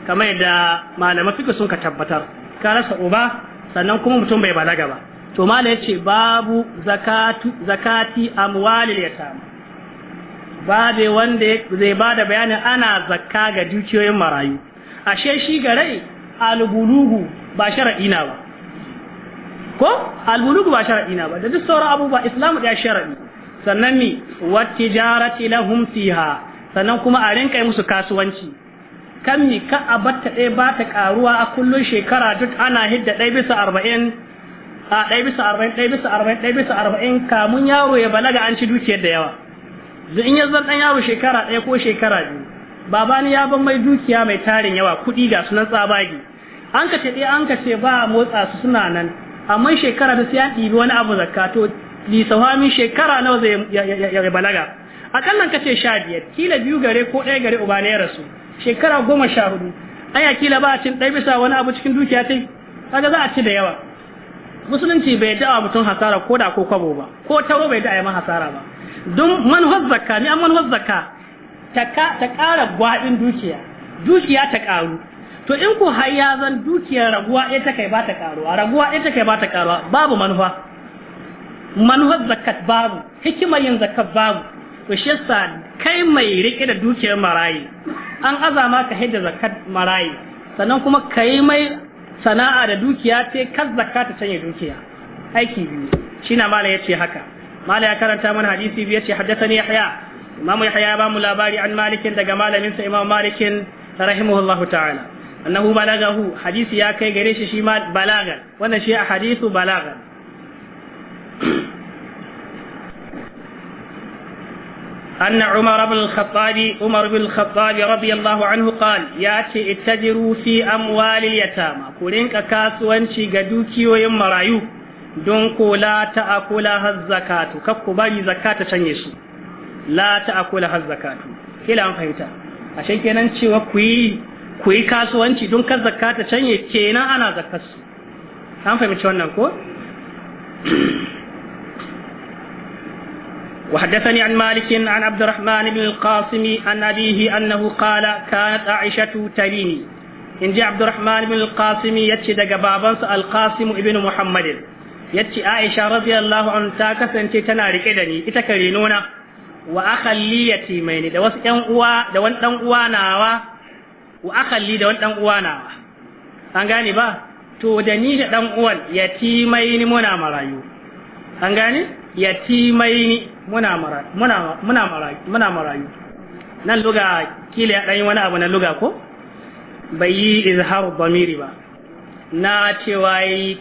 A: kamar da malaman fiko sun ka tabbatar ka rasa uba sannan kuma mutum bai balaga ba to ya ce babu zakati amwalil yatama babe wanda zai bada bayanin ana zakka ga dukiyoyin marayu ashe shi garai albulugu ba shar'i na ba ko albulugu ba shar'i na ba da duk sauran abubuwa islam ya shar'i sannan ni wattijarati lahum fiha sannan kuma a rinka musu kasuwanci kan mi ka abatta ɗaya ba ta karuwa a kullun shekara duk ana hidda ɗaya bisa arba'in a ɗaya bisa arba'in ɗaya bisa arba'in ɗaya bisa arba'in kamun yaro ya balaga an ci dukiyar da yawa da in ya dan ɗan yaro shekara ɗaya ko shekara biyu babani ya ban mai dukiya mai tarin yawa kuɗi ga sunan tsabagi an ka ce ɗaya an ka ce ba motsa su suna nan amma shekara ta sai ɗibi wani abu zakka to sawami shekara nawa zai ya balaga nan ka ce sha biyar kila biyu gare ko ɗaya gare uba ne ya rasu shekara goma sha hudu aya kila ba a cin ɗaya bisa wani abu cikin dukiya ta kaga za a ci da yawa musulunci bai da mutum hasara ko da ko kwabo ba ko taro bai da'a ma hasara ba don manufar zakka ni an manufar zakka ta ƙara gwaɗin dukiya dukiya ta ƙaru to in ku haya zan dukiya raguwa ya ta kai ba ta ƙaruwa raguwa ya ta kai ba ta ƙaruwa babu manufa manufar babu hikimar yin zaka babu to shi yasa kai mai riƙe da dukiyar marayi an azama ka hidda zakat marayi sannan kuma kai mai sana'a da dukiya ce kas ta canye dukiya aiki biyu shi na mala ya ce haka mala ya karanta mana hadisi biyar ce haddathani yahya imamu yahya ya bamu labari an malikin daga malamin sa imamu malikin rahimahullahu ta'ala annahu balagahu hadisi ya kai gare shi shi ma balagan wannan shi a hadisu balagan أن عمر بن الخطاب عمر بن الخطاب رضي الله عنه قال ياتي اتجروا في أموال اليتامى كورينك كاسوانشي قدوكي ويم مرايو don ko la ta'akula hazzakatu kakku bari zakata canye su la ta'akula hazzakatu kila an fahimta a shan kenan cewa ku yi ku yi kasuwanci don kar zakata canye kenan ana zakar su an fahimci wannan ko وحدثني عن مالك عن عبد الرحمن بن القاسم عن أبيه أنه قال كانت عائشة تليني إن جاء عبد الرحمن بن القاسم يتشد بابنس القاسم ابن محمد yace Aisha radiyallahu anha ta kasance tana rike da ni ita kare nona wa akhalli yatimaini da wasu ɗan uwa da wani ɗan uwa nawa wa akhalli da wani ɗan uwa nawa an gane ba to da ni da ɗan uwan yatimaini muna marayu an gane yatimaini muna marayu muna muna marayu muna marayu nan luga kila ya dan yi wani abu na luga ko bai yi izharu damiri ba na cewa yi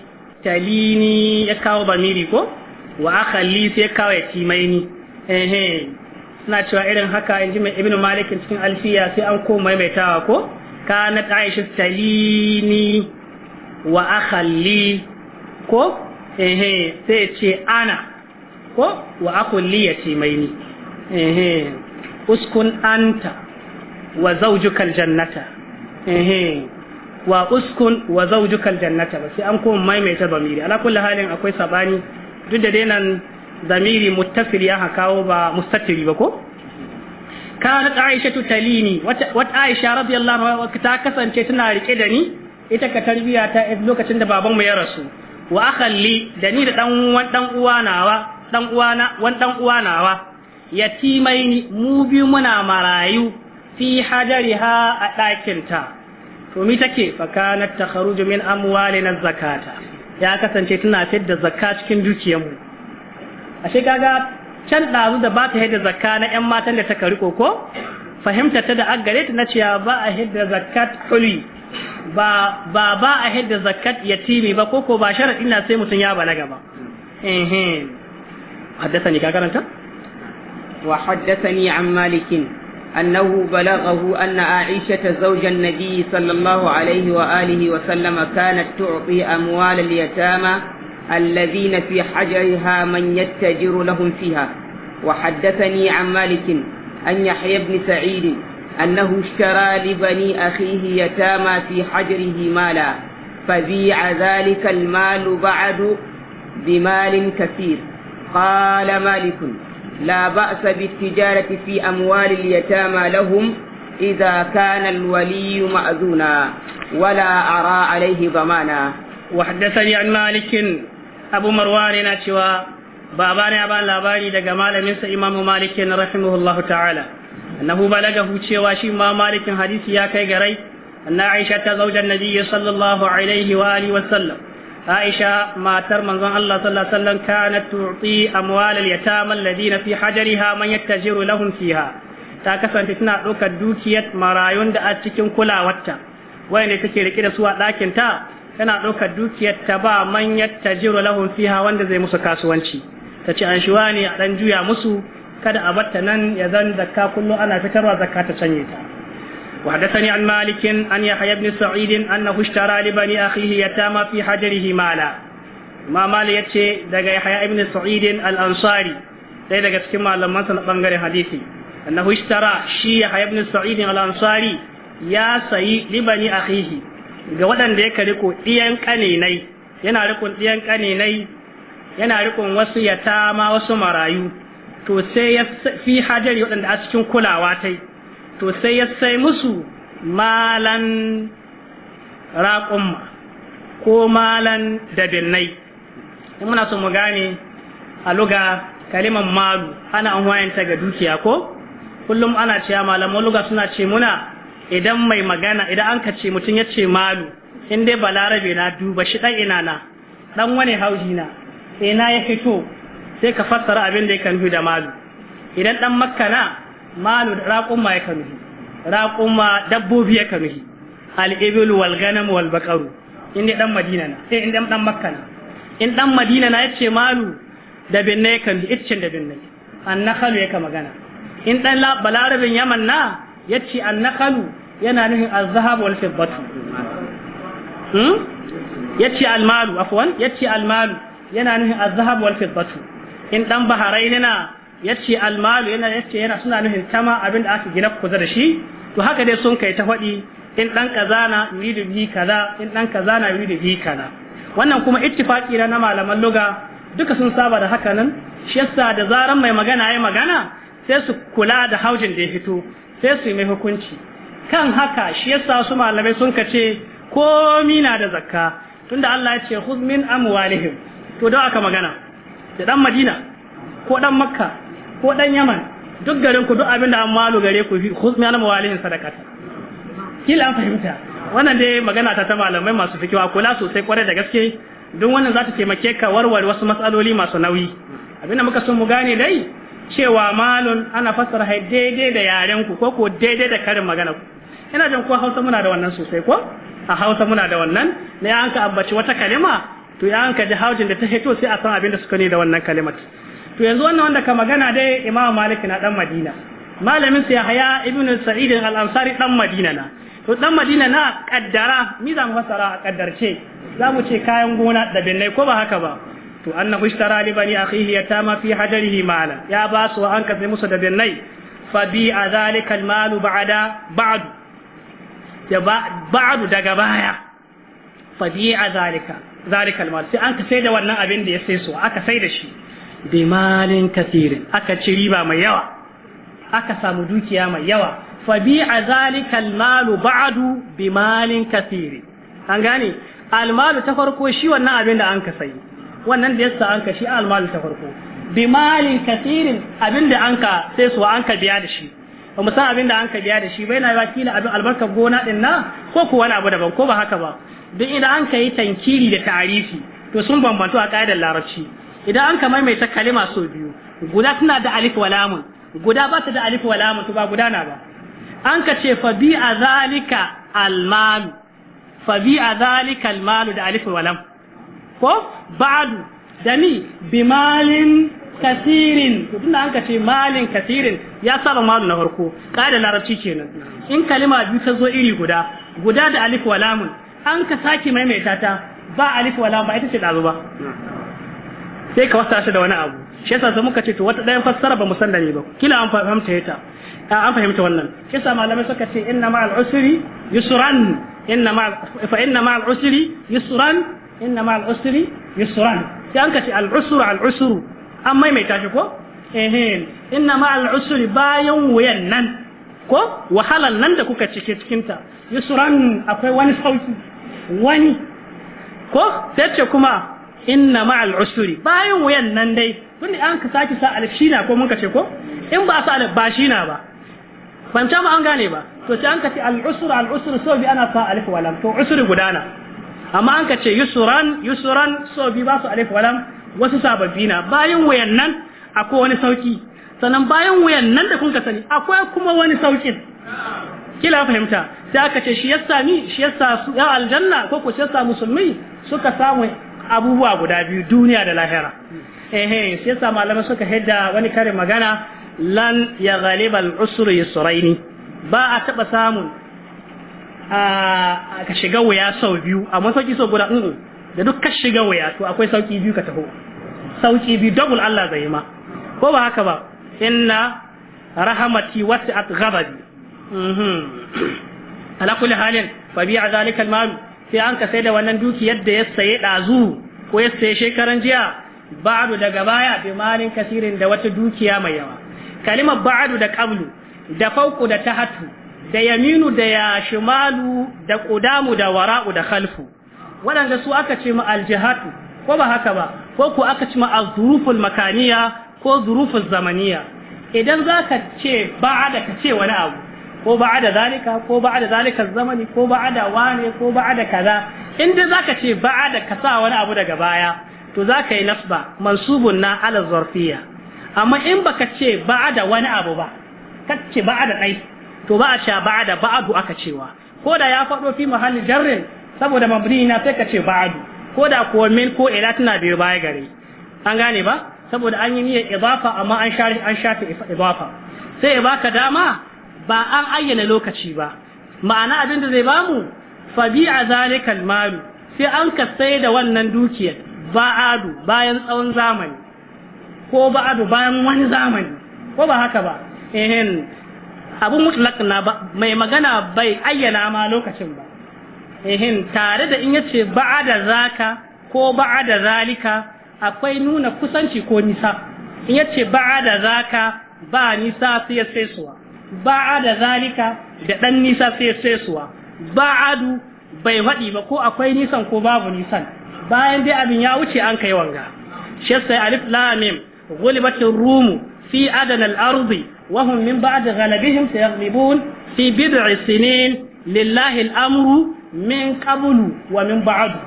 A: talini ya kawo bamiri ko wa akhali sai ya kawo yatimaini ehe suna cewa irin haka in ji mai ibn malikin cikin alfiya sai an ko maimaitawa ko na aisha talini wa akhali ko sai ce ana ko wa ya timai ni. uskun anta wa zaujukan jannata. wa uskun wa zaujukal jannata ba sai an koma maimaita zamiri ala kulli halin akwai sabani duk da nan zamiri muttasil ya ha kawo ba mustatiri ba ko kana aisha talini wat aisha radiyallahu anha ta kasance tana rike da ni ita ka tarbiya ta lokacin da babanmu ya rasu wa akhalli da ni da dan wan dan uwa nawa dan uwa na wan dan uwa nawa yatimaini mu biyu muna marayu fi hajariha a ɗakinta to mi take fa kanat takharuju min amwalina zakata ya kasance tana fidda zakka cikin mu ashe kaga can dazu da ba ta hidda zakka na ƴan matan da ta riko ko fahimta ta da aggare ta na cewa ba a hidda zakat huli ba ba ba a hidda zakat yatimi ba ko ko ba sharadi na sai mutun ya balaga ba eh eh haddathani ka karanta
B: wa haddathani an malikin أنه بلغه أن عائشة زوج النبي صلى الله عليه وآله وسلم كانت تعطي أموال اليتامى الذين في حجرها من يتجر لهم فيها وحدثني عن مالك أن يحيى بن سعيد أنه اشترى لبني أخيه يتامى في حجره مالا فبيع ذلك المال بعد بمال كثير قال مالك لا بأس بالتجارة في أموال اليتامى لهم إذا كان الولي مأذونا ولا أرى عليه ضمانا وحدثني عن مالك أبو مروان أتوا بابان أبان
A: لاباني دقمال مالك إمام مالك رحمه الله تعالى أنه بلغه تشوا شي ما مالك حديث يا كي غري أن عائشة زوج النبي صلى الله عليه وآله وسلم Aisha matar manzon Allah sallallahu alaihi wasallam kanat tu'ti amwal al-yatama alladhina fi hajariha man yattajiru lahum fiha ta kasance tana ɗaukar dukiyar marayun da a cikin kulawarta wayanda take rike da su a ɗakinta ta tana dokar dukiyar ta ba man yattajiru lahum fiha wanda zai musu kasuwanci tace an shiwani a dan juya musu kada a batta nan ya zan zakka kullum ana fitarwa zakka ta sanye ta وحدثني عن an أن يحيى بن سعيد أنه اشترى لبني أخيه يتامى في حجره مالا ما مال يتشي دقى يحيى بن سعيد الأنصاري ɗaya daga cikin malamansa na ɓangaren hadisi annahu ishtara shi ya hayab ibn al-ansari ya sayi libani akhihi ga waɗanda ya riko ɗiyan kaninai yana rikon ɗiyan kaninai yana rikon wasu yatama wasu marayu to sai ya fi hajari waɗanda a cikin kulawa tai to sai ya sai musu malan raƙumma ko malan dabinnai in muna so mu gane a luga kaliman malu ana an wayanta ga dukiya ko kullum ana cewa malaman luga suna ce muna idan mai magana idan an kace ce mutum ya ce malu in dai balarabe na duba shi ɗan ina na dan wani hauji na ina ya fito sai ka fassara abin da ya kan da malu idan ɗan makka na malu raqumma ya kanuhi raqumma dabbobi ya kanuhi al ibil wal ganam wal baqaru in dai dan madina na sai in dan makka na in dan madina na yace malu da binne kan iccen da binne annakalu yake magana in dan balarabin yaman na yace annakalu yana nufin az-zahab wal fiddatu hmm yace al-malu afwan yace al-malu yana nufin az-zahab wal fiddatu in dan baharai na yace almalu yana yace yana suna nufin kama abin da aka gina kuza da shi to haka dai sun kai ta faɗi in dan kaza na yuridu bi kaza in dan kaza na yuridu bi kaza wannan kuma ittifaqi na malaman luga duka sun saba da haka nan shi yasa da zaran mai magana ya magana sai su kula da haujin da ya fito sai su mai hukunci kan haka shi yasa su malamai sun kace komi na da zakka tunda Allah ya ce khudh min amwalihim to da aka magana da dan Madina ko dan Makka ko dan yaman duk garin ku duk abin da an malu gare ku husmi ana mawalihin sadakata kila an fahimta wannan dai magana ta ta malamai masu fikiwa kula sosai kwarai da gaske don wannan zata ta taimake ka warware wasu matsaloli masu nauyi abinda muka so mu gane dai cewa malun ana fassara hai daidai da yaren ku ko ko daidai da karin magana ku ina jin ko Hausa muna da wannan sosai ko a Hausa muna da wannan ne an ka ambaci wata kalima to ya an ka ji haujin da ta hito sai a san abin da suka ne da wannan kalimar to yanzu wannan wanda ka magana dai Imam Malik na dan Madina malamin sa Yahya ibn Sa'id al-Ansari dan Madina na to dan Madina na kaddara mi za mu fasara a kaddarce za mu ce kayan gona da binnai ko ba haka ba to annahu ishtara li bani akhihi yatama fi hajarihi mala ya ba su an ka sai musu da binnai fa bi zalika al-mal ba'da ba'd ya ba'd daga baya fa bi zalika zalika al-mal sai an ka sai da wannan abin da ya sai su aka sai da shi Bimalin kasirin aka ci riba mai yawa aka samu dukiya mai yawa fa ba'du bi kasirin an gane almalu ta farko shi wannan abin da an ka sayi wannan da yasa an ka shi almalu ta farko kasirin abin da an ka sai su an ka biya da shi ba mu san abin da an ka biya da shi bai na yawa kila abin albarkar gona din na ko wani abu daban ko ba haka ba duk idan an ka yi tankiri da ta'arifi to sun bambantu a ƙa'idar larabci idan an ka maimaita kalima so biyu guda suna da alif wa lamun guda ba ta da alif wa lamun to ba guda na ba an ka ce fa bi a zalika almalu fa bi a zalika almalu da alif wa lam ko ba'du da ni bi malin kasirin to tunda an ka ce malin kasirin ya saba malu na farko da larabci kenan in kalima biyu ta zo iri guda guda da alif wa lamun an ka sake maimaita ta ba alif wa lamun ba ita ce dazu ba sai ka wasa shi da wani abu shi yasa sai muka ce to wata dayan fassara ba mu san da ne ba kila an fahimta ta an fahimta wannan shi yasa malamai suka ce inna ma'al usri yusran inna ma'al fa inna ma'al usri yusran inna ma'al usri yusran sai an ka ce al usru al usru an maimaita shi ko ehe inna ma'al usri bayan wuyan nan ko wahalan nan da kuka cike cikinta yusran akwai wani sauki wani ko sai ce kuma inna ma'al usri bayan wuyan nan dai tun an ka saki sa alif shina ko mun ka ce ko in ba sa alif ba shina ba ban ta mu an gane ba to sai an ka ce al usru al usru so bi ana sa alif walam to usri gudana amma an ka ce yusran yusran so bi ba su alif walam wasu sababbi na bayan wuyan nan akwai wani sauki sannan bayan wuyan nan da kun ka sani akwai kuma wani saukin kila fahimta sai aka ce shi yasa ni shi yasa su ya aljanna ko ko shi yasa musulmi suka samu abubuwa guda biyu duniya da lahira ehe shi yasa malamai suka hidda wani karin magana lan ya ghalibal usru yusraini ba a taba samun a ka shiga wuya sau biyu amma sauki sau guda in da duk ka shiga wuya to akwai sauki biyu ka taho sauki biyu double Allah zai ma ko ba haka ba inna rahamati wasi'at ghadabi mhm ala halin fa bi'a zalika al sai an ka sai da wannan dukiyar yadda ya saye ɗazu ko ya saye shekaran jiya ba'adu daga baya bi malin kasirin da wata dukiya mai yawa kalimar ba'adu da qablu da fauku da tahatu da yaminu da ya shimalu da kudamu da wara'u da khalfu waɗanda su aka ce mu aljihatu ko ba haka ba ko ku aka ce ma azuruful makaniya ko zuruful zamaniya idan zaka ka ce da ka ce wani abu ko ba'ada zalika ko ba'ada zalika zamani ko ba'ada wane ko ba'ada kaza in dai zaka ce ba'ada ka sa wani abu daga baya to zaka yi nasba mansubun na ala zarfiya amma in baka ce ba'ada wani abu ba kace ba'ada dai to ba a ce ba'ada ba'adu aka cewa ko da ya fado fi mahalli jarrin saboda mabni na sai ka ce ba'adu ko da ko min ko ila tana biyu baya gare an gane ba saboda an yi niyyar idafa amma an shafi an shafi idafa sai ya baka dama ba an ayyana lokaci ba ma'ana abin da zai bamu fa bi zalikal malu sai an ka sai da wannan dukiyar ba'adu bayan tsawon zamani ko ba'adu bayan wani zamani ko ba haka ba ehin abun mutlak na ba mai magana bai ayyana ma lokacin ba ehin tare da in yace ba'ada zaka ko ba'ada zalika akwai nuna kusanci ko nisa in yace ba da zaka ba nisa sai ya suwa ba'ada zalika da dan nisa sai sai suwa ba'adu bai faɗi ba ko akwai nisan ko babu nisan bayan dai abin ya wuce an kai wanga shi sai alif lam mim ghulibatir rumu fi adana al-ardi wa hum min ba'di ghalabihim sayaghlibun fi bid'i sinin lillahi al-amru min qablu wa min ba'du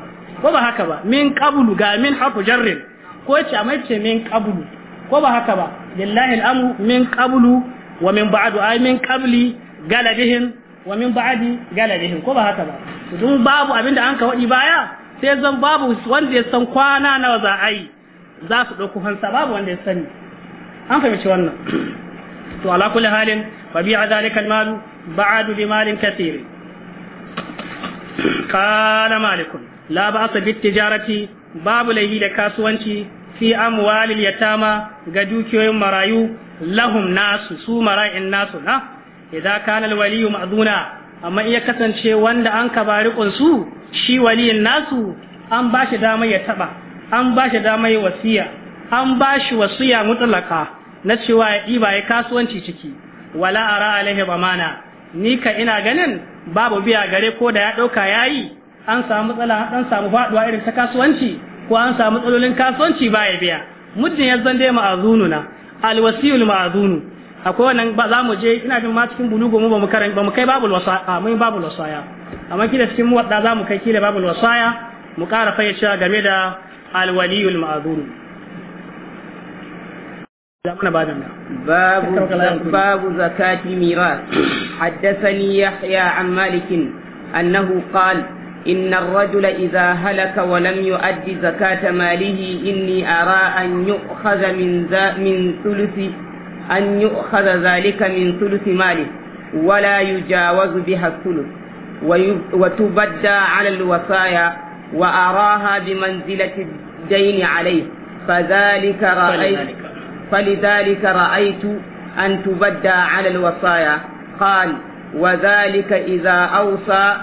A: ko ba haka ba min qablu ga min harfu jarrin ko ce mai ce min qablu ko ba haka ba lillahi al-amru min qablu wa min ba'du ay min qabli galadihin wa min ba'di galadihin ko ba haka ba dun babu abinda an ka wadi baya sai zan babu wanda ya san kwana nawa za a yi za su dauko hansa babu wanda ya sani an fahimci wannan to ala kulli halin fa bi'a zalika al-malu ba'adu malin kathir qala malikun la ba'sa bit tijarati babu laihi da kasuwanci fi amwalil yatama ga dukiyoyin marayu lahum nasu su mara'in nasu na idan kana alwaliyu ma'duna amma iya kasance wanda an ka barikun su shi waliyin nasu an ba dama ya taba an ba dama ya wasiya an ba wasiya mutlaka na cewa ya ɗiba ya kasuwanci ciki wala ara alaihi bamana ni ka ina ganin babu biya gare ko da ya ɗauka yayi an samu matsala an samu faduwa irin ta kasuwanci ko an samu matsalolin kasuwanci ba ya biya muddin ya zan dai ma'azununa alwasiyul ma'zunu akwai wannan ba za mu je ina jin ma cikin bulugo mu ba mu ba mu kai babul wasaya mun babul wasaya amma kila cikin mu wadda za mu kai kila babul wasaya mu ƙara fayyacewa game da alwaliyul ma'zunu
B: باب باب زكاة ميراث حدثني يحيى عن مالك أنه قال إن الرجل إذا هلك ولم يؤد زكاة ماله إني أرى أن يؤخذ من ذا من ثلث أن يؤخذ ذلك من ثلث ماله ولا يجاوز بها الثلث وتبدى على الوصايا وأراها بمنزلة الدين عليه فذلك رأيت فلذلك رأيت أن تبدى على الوصايا قال وذلك إذا أوصى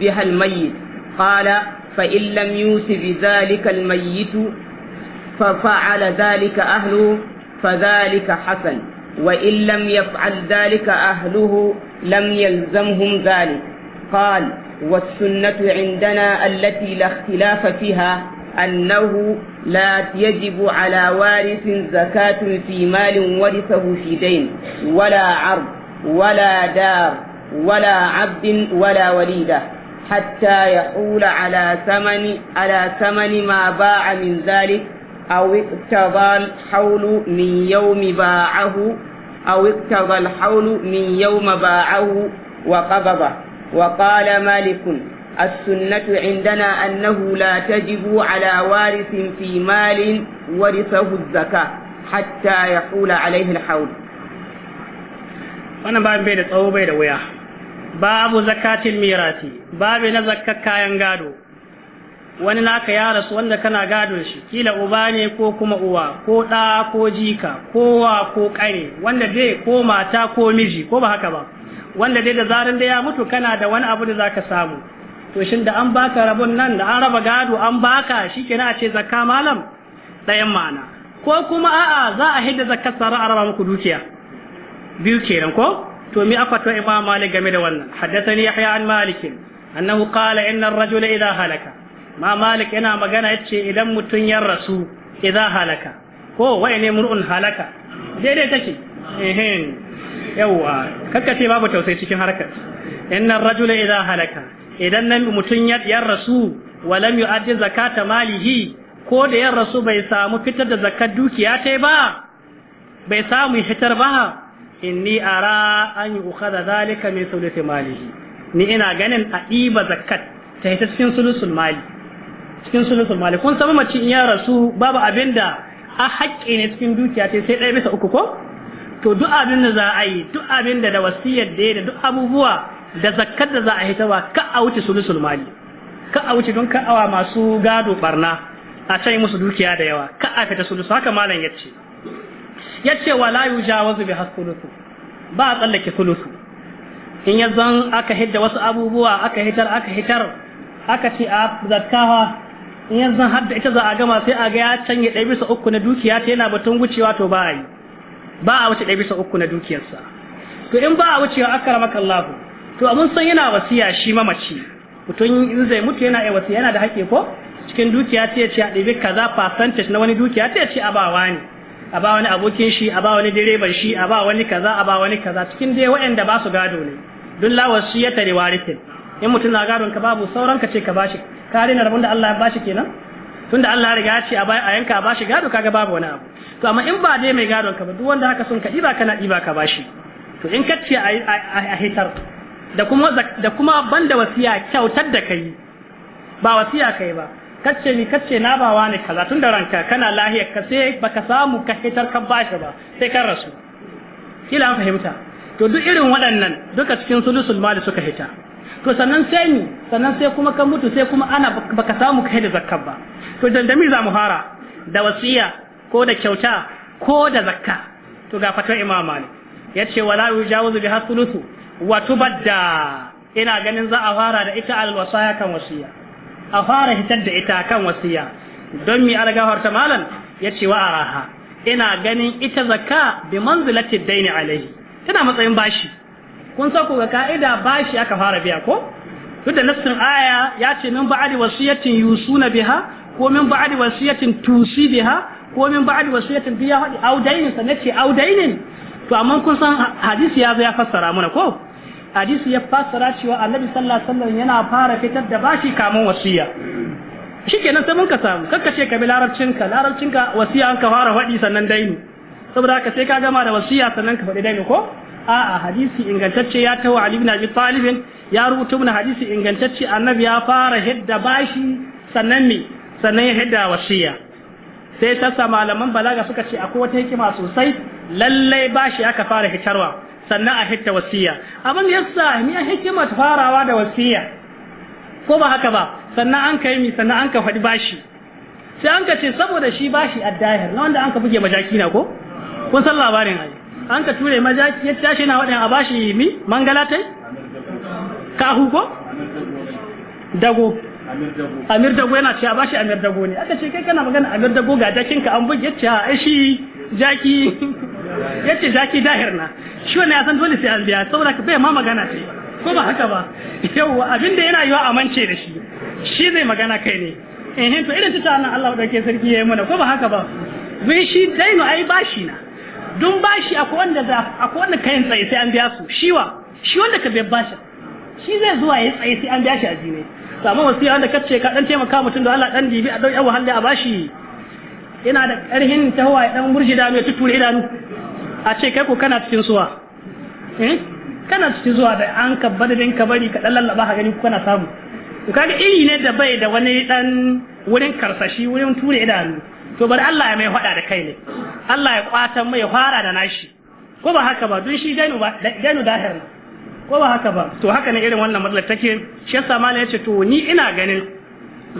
B: بها الميت قال فإن لم يوس بذلك الميت ففعل ذلك أهله فذلك حسن وإن لم يفعل ذلك أهله لم يلزمهم ذلك قال والسنة عندنا التي لا اختلاف فيها أنه لا يجب على وارث زكاة في مال ورثه في دين ولا عرض ولا دار ولا عبد ولا وليدة حتى يحول على ثمن على ثمن ما باع من ذلك أو اقتضى الحول من يوم باعه أو اقتضى الحول من يوم باعه وقبضه وقال مالك السنة عندنا أنه لا تجب على وارث في مال ورثه الزكاة حتى يحول عليه الحول. أنا بعد بيت أو بيت وياه.
A: babu zakatil mirati babu na zakkar kayan gado wani naka ya rasu wanda kana gadon shi kila uba ne ko kuma uwa ko ɗa ko jika kowa ko ƙare." wanda dai ko mata ko miji ko ba haka ba wanda dai da zaran da ya mutu kana da wani abu da zaka samu to shin da an baka rabon nan da an raba gado an baka shikenan a ce zakka malam ɗayan ma'ana ko kuma a'a za a hidda zakkar sara a raba muku dukiya biyu kenan ko to mi afato imam malik game da wannan haddathani yahya an malik annahu qala inna ar-rajula idha halaka ma malik yana magana yace idan mutun ya rasu idha halaka ko ne mur'un halaka daidai take yawa ce babu tausayi cikin harkar inna ar idha halaka idan nan mutun ya rasu wa lam yu'addi zakata malihi ko da ya rasu bai samu fitar da zakat dukiya ta ba bai samu hitar ba inni ara an yi ukhada zalika min sulusi malihi ni ina ganin a ɗiba zakat ta ita cikin sulusul mali cikin sulusul mali kun san mace in ya rasu babu abinda a haƙƙi ne cikin dukiya ce sai ɗaya bisa uku ko to duk abin da za a yi duk abin da da wasiyar da da duk abubuwa da zakkar da za a hitawa ka a wuce sulusul mali ka a wuce don ka awa masu gado barna a can musu dukiya da yawa ka a fita sulusul haka malam yace yace wala yujawazu bi hasulusu ba a tsallake sulusu in ya zan aka hidda wasu abubuwa aka hitar aka hitar aka ce a zakkawa in ya zan hadda ita za a gama sai a ga ya canye ɗaya bisa uku na dukiya ta yana batun wucewa to ba a yi ba a wuce ɗaya bisa uku na dukiyarsa to in ba a wucewa aka ramaka Allahu to mun san yana wasiya shi mamaci mutum in zai mutu yana yi wasiya yana da haƙƙi ko cikin dukiya ta ce a ɗabi kaza percentage na wani dukiya ta ce a ba wani a ba wani abokin shi a ba wani direban shi a ba wani kaza a ba wani kaza cikin dai waɗanda ba su gado ne duk lawar shi ya tare in mutum na gadon ka babu sauran ka ce ka bashi ka rina rabon da Allah ya bashi kenan tunda Allah ya riga ya ce a yanka a bashi gado kaga babu wani abu to amma in ba dai mai gadon ka ba duk wanda haka sun ka ɗiba kana ɗiba ka bashi to in ka a hitar da kuma da kuma banda wasiya kyautar da kai ba wasiya kai ba kacce ni kacce na ba ne kaza tun da ranka kana lahiyar ka sai baka samu ka hitar ka bashi ba sai kan rasu kila an fahimta to duk irin waɗannan duka cikin sulusul mali suka hita to sannan sai ni sannan sai kuma ka mutu sai kuma ana baka samu ka hida zakka ba to dandami za mu hara da wasiya ko da kyauta ko da zakka to ga fatan imama ne yace wala yujawizu bi hasulusu wa tubadda ina ganin za a fara da ita al wasaya kan wasiya a fara hitar da ita kan wasiya don mi algahar ta malam ya ce wa araha ina ganin ita zakka bi manzilati daini alaihi tana matsayin bashi kun sa ga ka'ida bashi aka fara biya ko duk da nassin aya ya ce min ba'adi wasiyatin yusuna biha ko min ba'adi wasiyatin tusi biha ko min ba'adi wasiyatin biya audainin sanace audainin to amma kun san hadisi ya zo ya fassara mana ko hadisi ya fasara cewa annabi sallallahu alaihi wasallam yana fara fitar da bashi kamun wasiya shikenan sai mun ka samu kakka ce ka bi larabcinka larabcinka wasiya an ka fara faɗi sannan daini saboda haka sai ka gama da wasiya sannan ka faɗi daini ko a'a hadisi ingantacce ya tawo Ali ibn Abi Talib ya rubuta mun hadisi ingantacce annabi ya fara hidda bashi sannan ne sannan ya hidda wasiya sai ta sa malaman balaga suka ce akwai wata hikima sosai lallai bashi aka fara hitarwa sannan a hitta wasiya abin yasa ni a ta farawa da wasiya ko ba haka ba sannan an kai mi sannan an ka faɗi bashi sai an ka ce saboda shi bashi a dahir na wanda an ka buge majaki na ko kun san labarin ai an ka ture majaki ya tashi na waɗanda a bashi mi mangalatai kahu ko dago amir dago yana ce a bashi amir dago ne aka ce kai kana magana amir dago ga jakinka an buge ya ce a shi jaki yace jaki dahir na shi wannan ya san dole sai an biya saboda ka bai ma magana ce ko ba haka ba abin abinda yana yiwa amince da shi shi zai magana kai ne eh to irin ta nan Allah dauke sarki yayi mana ko ba haka ba wai shi daino ai bashi na dun bashi akwai wanda akwai wanda kayan tsaye sai an biya su shiwa shi wanda ka bai bashi shi zai zuwa ya tsaye sai an biya shi a jini to amma wasiya wanda kace ka dan taimaka mutum da Allah dan dibi a dauki yawa a bashi yana da ƙarhin huwa ya dan murjida mai tutture idanu a ce kai ko kana cikin suwa eh kana cikin zuwa da an ka badalin ka bari ka dan lallaba ka gani kana samu to kaga iri ne da bai da wani dan wurin karsashi wurin tura idanu to bari Allah ya mai hada da kai ne Allah ya kwata mai fara da nashi ko ba haka ba don shi gano ba gano dahir ko ba haka ba to haka ne irin wannan matsalar take shi yasa malai yace to ni ina ganin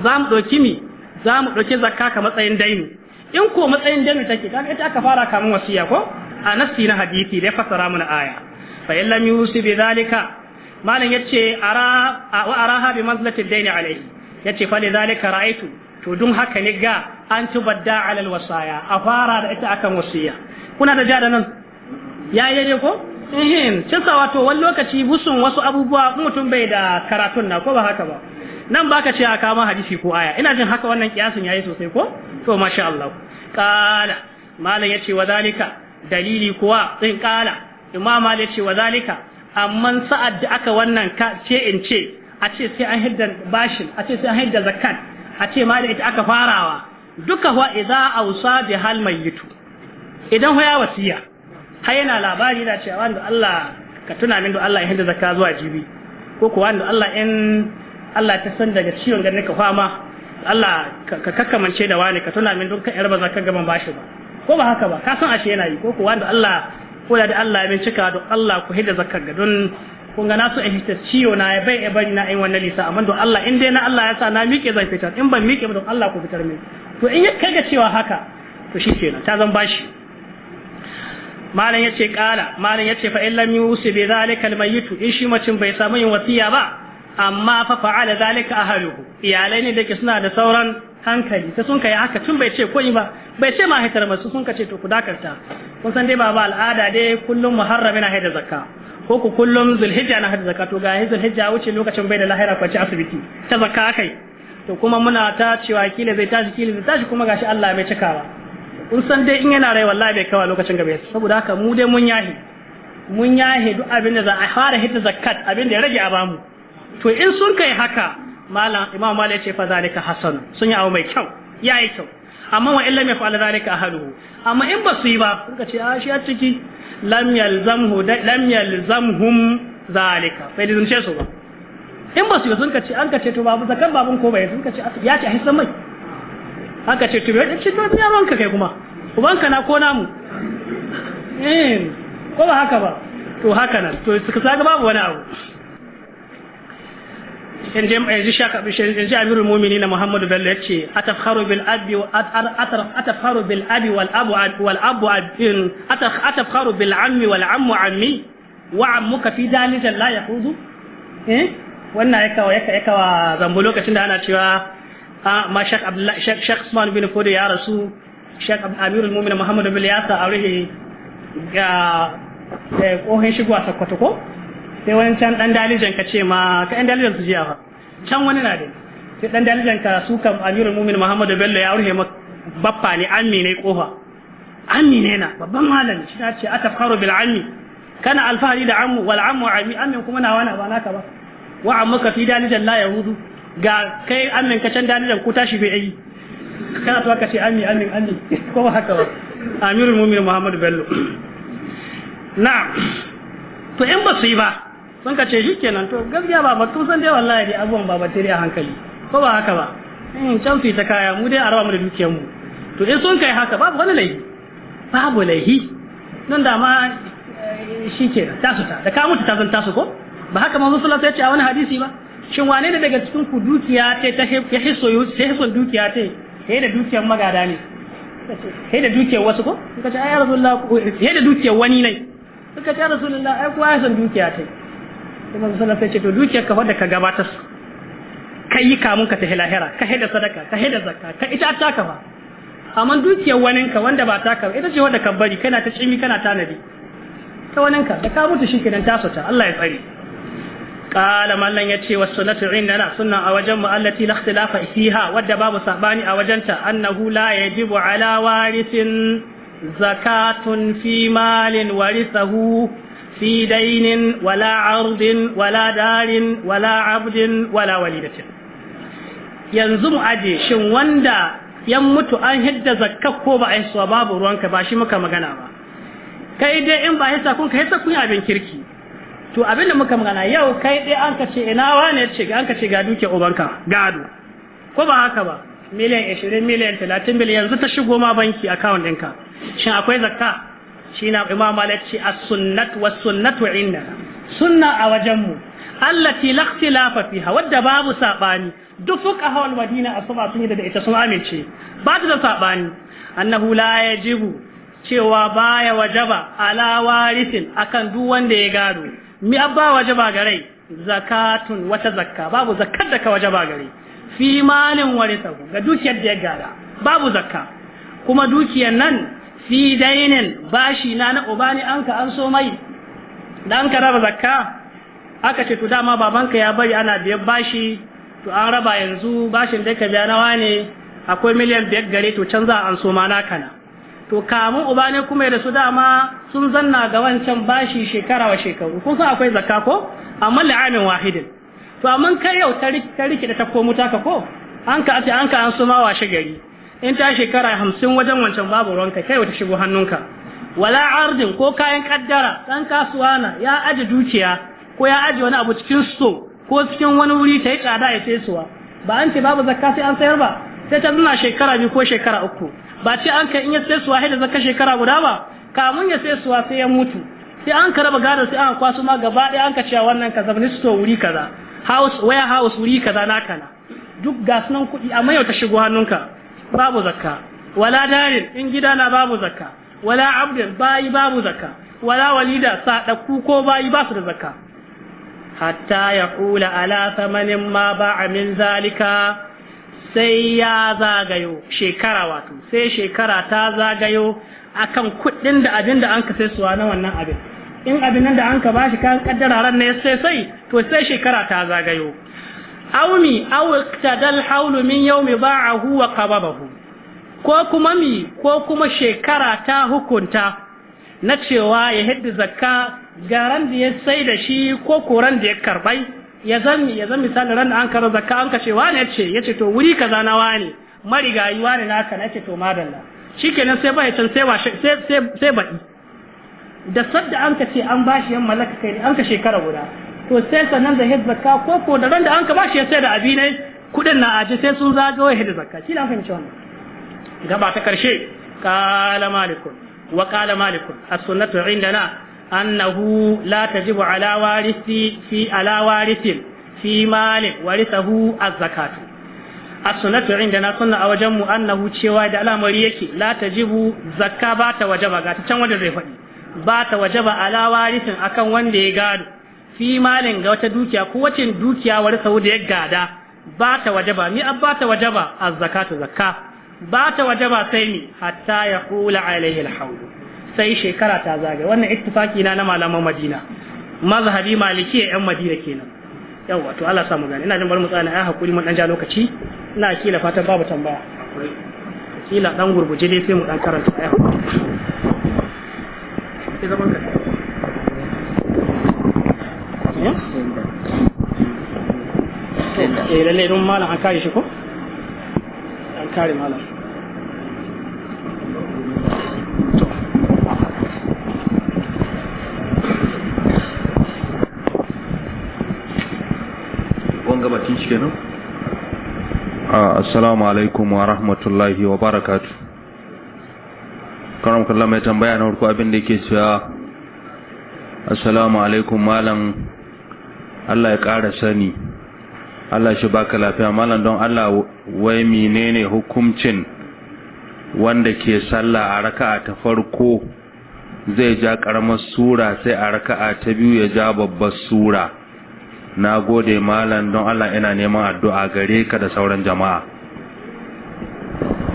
A: za mu ɗauki mi za mu ɗauki zakka ka matsayin daini in ko matsayin jami take kaga ita aka fara kamun wasiya ko a nafsi na hadisi da fasara mana aya fa illa lam yusi bi zalika malam yace ara wa araha bi mazlati daini alayhi yace fa li zalika ra'aytu to dun haka ne ga an tubadda ala wasaya a fara da ita akan wasiya kuna da jada nan ya yi ko ehin cin wato wani lokaci busun wasu abubuwa mutum bai da karatun na ko ba haka ba nan baka ce a ma hadisi ko aya ina jin haka wannan kiyasin yayi sosai ko to masha Allah qala malam yace wa zalika dalili kuwa din qala imam malik yace wa zalika amma sa'ad da aka wannan ka ce in ce a ce sai an hidda bashin a ce sai an hidda zakat a ce ma da ita aka farawa duka wa idza awsa bi hal mayyitu idan hoya wasiya har yana labari da cewa wanda Allah ka tuna min da Allah ya hidda zakka zuwa jibi ko kuwa wanda Allah in Allah ta san daga ciwon ganin ka fama Allah ka kakkamance da wani ka tuna min dukkan yar ba za ka gaban bashi ba ko ba haka ba ka san ashe yana yi ko kuwa wanda Allah ko da Allah ya cika don Allah ku hidda zakar ga don kun ga nasu a hita ciwo na ya bai bari na in wannan lisa amma don Allah in dai na Allah ya sa na miƙe zai fitar in ban miƙe ba don Allah ku fitar min to in ya kaga cewa haka to shi kenan ta zan bashi malam yace kala malam yace fa in lam yusi bi zalika al in shi mutum bai samu yin wasiya ba amma fa fa'ala zalika ahluhu iyalai ne dake suna da sauran hankali ta sun kai haka tun bai ce koi ba bai ce ma haitar masu sun kace to ku dakarta kun san dai baba al'ada dai kullum muharram yana haida zakka ko ku kullum zulhijja na haida zakka to ga yanzu zulhijja wuce lokacin bai da lahira ci asibiti ta zakka kai to kuma muna ta cewa kila zai tashi kila zai tashi kuma gashi Allah mai cikawa kun san dai in yana rai wallahi bai kawa lokacin gaba saboda haka mu dai mun yahi mun yahi duk abin da za a fara hita zakkat abin da ya rage a bamu to in sun kai haka malam imam malik ya ce fa zalika hasan sun yi abu mai kyau yayi kyau amma wa illam yaf'al zalika ahluhu amma in ba su yi ba suka ce a ah, shi a ciki lam yalzamhu lam yalzamhum zalika sai da ce su ba in ba su yi sun kace an kace to babu zakan babun ko bai sun kace ya ce a hisan mai an ce to bai ce to ya manka kai kuma ubanka na ko namu eh ko ba haka ba to haka nan to suka saka babu wani abu in yanzu shaka yanzu amirul mu'minin Muhammadu Bello yace atafharu bil abi atafharu bil abi wal abu wal abu abin atafharu bil ammi wal ammu ammi wa ammuka fi dalika la yahudu eh wannan yaka wa yaka yaka wa zambo lokacin da ana cewa a ah, ma shak abdullahi shak shak Usman bin Fodo ya rasu shak amirul mu'minin Muhammadu Bello ya sa aure ga kohin eh, shigo a sakkwato ko sai wani can dan dalijan ka ce ma ka ɗan dalijan su jiya fa can wani na dai sai dan dalijan ka su kan amirul mu'min muhammadu bello ya rufe maka bappa ne ammi ne kofa ammi ne na babban malami shi ta ce atafkaru bil ammi kana alfahari da ammu wal ammu ammi ammin kuma na wani ba naka ba wa amma ammuka fi dalijan la yahudu ga kai ammin ka can dalijan ku tashi bai yi kana to ka ce ammi ammi ammi ko haka ba amirul mu'min muhammadu bello na'am to in ba su yi ba sun ka ce shikenan to gaskiya ba batun san dai wallahi dai abuwan ba batiri a hankali ko ba haka ba in hmm, can su ta kaya mu dai a raba mu da dukiyar mu to in sun kai haka babu wani laihi babu laihi nan da ma eh, shi ke tasu ta da ka mutu ta zan tasu ko ba haka manzo sallallahu alaihi wasallam ya ce a wani hadisi ba shin wane ne daga cikin ku dukiya ta ya hisso sai hisso dukiya ta ya da dukiyar magada ne ya da dukiyar wasu ko suka ce ai rasulullah ya da dukiyar wani ne suka ce rasulullah ai kuwa ya san dukiya ta sai manzo sallallahu alaihi sai ce to dukiyar ka wadda ka gabatar kai yi kamun ka tafi lahira ka hada sadaka ka hada zakka ka ita ta ka fa amma dukiyar waninka wanda ba ta ka ita ce wadda ka bari kana ta cimi kana tanadi ta waninka da ka mutu shi shikenan ta sota Allah ya tsare qala mallan yace was sunnatu indana sunna a wajen mu allati la ikhtilafa fiha wadda babu sabani a wajenta annahu la yajibu ala warithin zakatun fi malin warithahu في دين ولا عرض ولا دار ولا عبد ولا وليدة ينزم أجي شن وندا يموت أن هد زكاكو babu ruwanka روانك باشي مكا مغانا ba? kai dai in ba hisa kun kai hisa kun abin kirki to abin da muka magana yau kai dai an ka ce ina wane ce an ce ga duke ubanka gado ko ba haka ba miliyan 20 miliyan 30 miliyan yanzu ta shigo ma banki account ɗinka shin akwai zakka shi na imam a ce wa sunnat sunnatu inna sunna a wajen mu allati la lafafi, fiha wadda babu sabani duk fuqaha hawan madina asaba sun yi da ita sun amince ba da sabani annahu la jibu cewa baya wajaba ala warisin akan duk wanda ya gado mi abba wajaba gare zakatun wata zakka babu zakkar da ka wajaba gare fi malin warisahu ga dukiyar da ya gada babu zakka kuma dukiyar nan fi dainin bashi na na uba ne an ka an so mai da an ka raba zakka aka ce to dama babanka ya bari ana biyan bashi to an raba yanzu bashin da ka biya nawa ne akwai miliyan biyar gare to can za a an so ma naka na to kamun uba ne kuma da su dama sun zanna ga wancan bashi shekara wa shekaru kun san akwai zakka ko amma la'amin wahidin to amma kai yau ta rike da ta komu ko an ka an ka an so ma washe gari in ta shekara hamsin wajen wancan babu ruwanka kai wata shigo hannunka wala ardin ko kayan kaddara dan kasuwa na ya aje dukiya ko ya aje wani abu cikin so ko cikin wani wuri ta yi tsada ya fesuwa. ba an ce babu zakka sai an sayar ba sai ta zuna shekara biyu ko shekara uku ba ce an kai in ya saisuwa sai da zakka shekara guda ba kamun ya saisuwa sai ya mutu sai an ka raba gado sai an kwaso ma gaba ɗaya an ka cewa wannan ka ni store wuri kaza house warehouse wuri kaza na kana duk gasnan kuɗi amma yau ta shigo hannunka babu zakka wala darin in gida na babu zakka wala abdin bayi babu zakka wala walida sadakku ko bayi ba su da zakka hatta ya kula ala samanin ma ba'a min zalika sai ya zagayo shekara wato sai shekara ta zagayo akan kuɗin da abin da an ka sai suwa na wannan abin in abin nan da an ka bashi kan kaddara ran ne sai sai to sai shekara ta zagayo aumi aw iktadal haulu min yawmi ba'ahu wa qababahu ko kuma mi ko kuma shekara ta hukunta na cewa ya hidda zakka garan da ya sai da shi ko koran da ya karbai ya zan ya zan misali ran an karo zakka an kashe wani yace yace to wuri kaza na wani marigayi wani naka nace to madalla shikenan sai ya can sai sai sai sai baki da sadda an ka ce an bashi yan malaka kai an ka shekara guda to sai sannan da hidda zakka ko ko da ran da an kama shi ya sai da abi ne kudin na aji sai sun zagayo hidda zakka shi na fahimci wannan gaba ta karshe qala malikun wa qala malikun as-sunnatu indana annahu la tajibu ala warisi fi ala warisin fi malik warisahu az-zakatu as-sunnatu indana sunna a wajen mu annahu cewa da al'amari yake la tajibu zakka ba ta wajaba ga can wanda zai faɗi ba ta wajaba ala warisin akan wanda ya gado fi malin ga wata dukiya ko wace dukiya wani sau da ya gada ba ta wajaba mi abba ba ta wajaba a zakatu zakka ba ta wajaba sai ni hatta ya hula alaihi alhawlu sai shekara ta zage wannan ittifaki na na malaman madina mazhabi maliki yan madina kenan yawa to Allah sa mu gane ina jin bar mu tsana ai hakuri mun dan ja lokaci ina kila fatan babu tambaya kila dan gurguje dai sai mu dan karanta ai hakuri
C: sai zaman ka Eh?
A: Eh, lalle don malam ah,
D: assalamu alaikum wa rahmatullahi wa barakatu karam kallon tambaya na farko abin da yake cewa assalamu alaikum malam Allah ya ƙara sani Allah shi baka lafiya malam don Allah wai menene hukuncin wanda ke sallah a raka'a ta farko zai ja karamar sura sai a raka'a ta biyu ya ja babbar sura na gode malam don Allah ina neman addu'a gare ka da sauran jama'a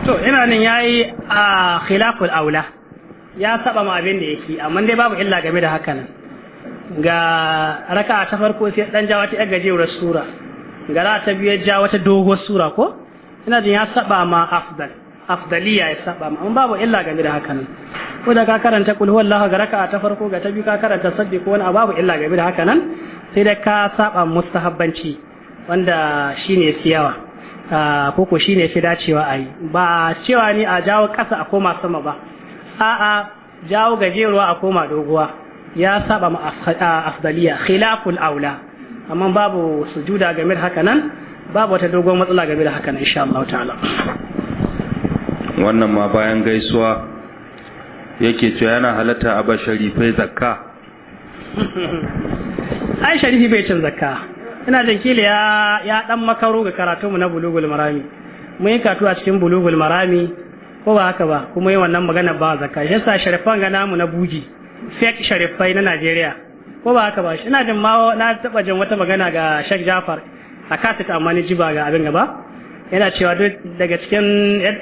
A: to ina nan yayi a ah, khilaful aula ya saba ma abin da yake amma dai babu illa game da haka nan ga raka ta farko sai dan ja wata gajewar sura ga gara ta biyu ya ja wata doguwar sura ko ina jin ya saba ma afdal afdaliya ya saba ma amma babu illa game da haka nan ko da ka karanta kul huwallahu ga raka ta farko ga ta biyu ka karanta sabbi ko wani babu illa game da haka nan sai da ka saba mustahabbanci wanda shine siyawa ah, ko ko shine fi dacewa ai ba cewa ni a jawo kasa a koma sama ba a'a jawo gajeruwa a koma doguwa ya saba ma afdaliya khilaful aula amma babu sujuda game da haka nan babu wata dogon matsala game da haka nan insha Allah ta'ala
D: wannan ma bayan gaisuwa yake cewa yana halatta a ba sharifai zakka
A: ai sharifi bai cin zakka ina jin kila ya ya dan makaro ga karatu mu na bulugul marami mun yi katu a cikin bulugul marami ko ba haka ba kuma yi wannan magana ba zakka yasa sharifan ga namu na buji fake sharifai na Najeriya ko ba haka ba shi ina jin ma na taba jin wata magana ga Sheikh Jafar a kasu amma ni jiba ga abin gaba yana cewa duk daga cikin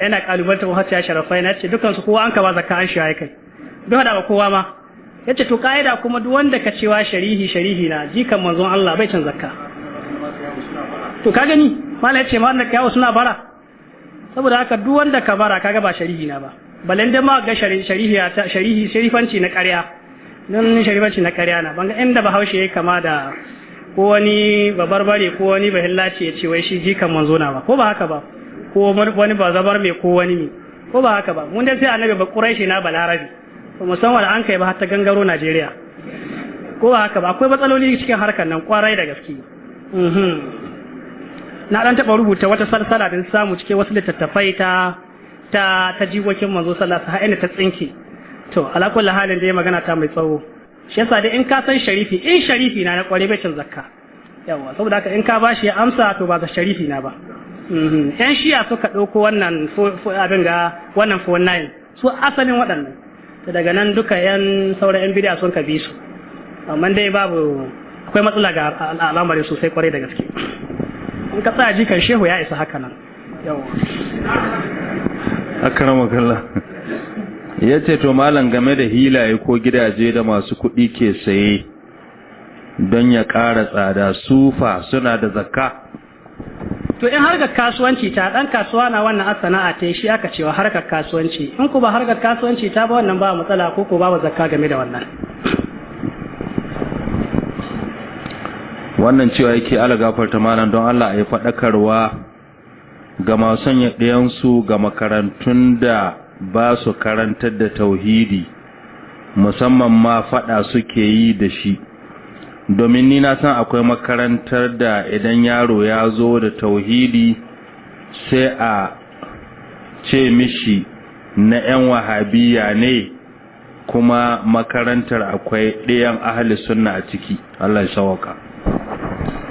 A: yana ta wata ya sharafai na ce dukkan su kowa an ka ba zakka an shi kai duk da ba kowa ma yace to kaida kuma duk wanda ka cewa sharihi sharihi na jikan manzon Allah bai can zakka to ka gani mala yace ma wanda kai yawo suna bara saboda haka duk wanda ka bara kaga ba sharihi na ba balan da ma ga sharihi sharifanci na ƙarya nan sharifanci na ƙarya na banga inda bahaushe ya kama da ko wani babarbare ko wani bahillaci ya ce wai shi jikan manzo na ba ko ba haka ba ko wani ba zabar mai ko wani ne ko ba haka ba mun dai sai annabi ba quraishi na balarabi to musamman an kai ba har ta gangaro Najeriya ko ba haka ba akwai matsaloli cikin harkar nan kwarai da gaske uhm. na dan taba rubuta wata salsala din samu cikin wasu littattafai ta ta ta jiwokin manzo sallallahu alaihi wasallam ta tsinke to alakul halin da ya magana ta mai tsawo shi yasa dai in ka san sharifi in sharifi na na kware bacin zakka yawa saboda haka in ka bashi ya amsa to ba ga sharifi na ba mhm. yan shiya suka ɗauko wannan abin ga wannan 49 su asalin waɗannan daga nan duka yan sauran yan bidiya sun ka bi su amma dai babu akwai matsala ga al'amarin sosai kwarai da gaske in ka tsaya jikan shehu ya isa haka nan yawa
D: akrama kallah ya ce to malam game da hilaye ko gidaje da masu kuɗi ke saye don ya ƙara tsada sufa suna da zakka
A: to in harkar kasuwanci ta ɗan kasuwa na wannan sana'a ta shi aka cewa harkar kasuwanci in ku ba harkar kasuwanci ta ba wannan ba matsala ko ko babu zakka game da wannan
D: wannan cewa yake ala gafarta malam don Allah ya yi faɗakarwa ga masu su ga makarantun da ba su karantar da tauhidi musamman ma faɗa suke yi da shi domin ni na san akwai makarantar da idan yaro ya zo da tauhidi sai a ce mishi na 'yan wahabiya ne kuma makarantar akwai ɗayan ahli sunna a ciki Allah ya sawaka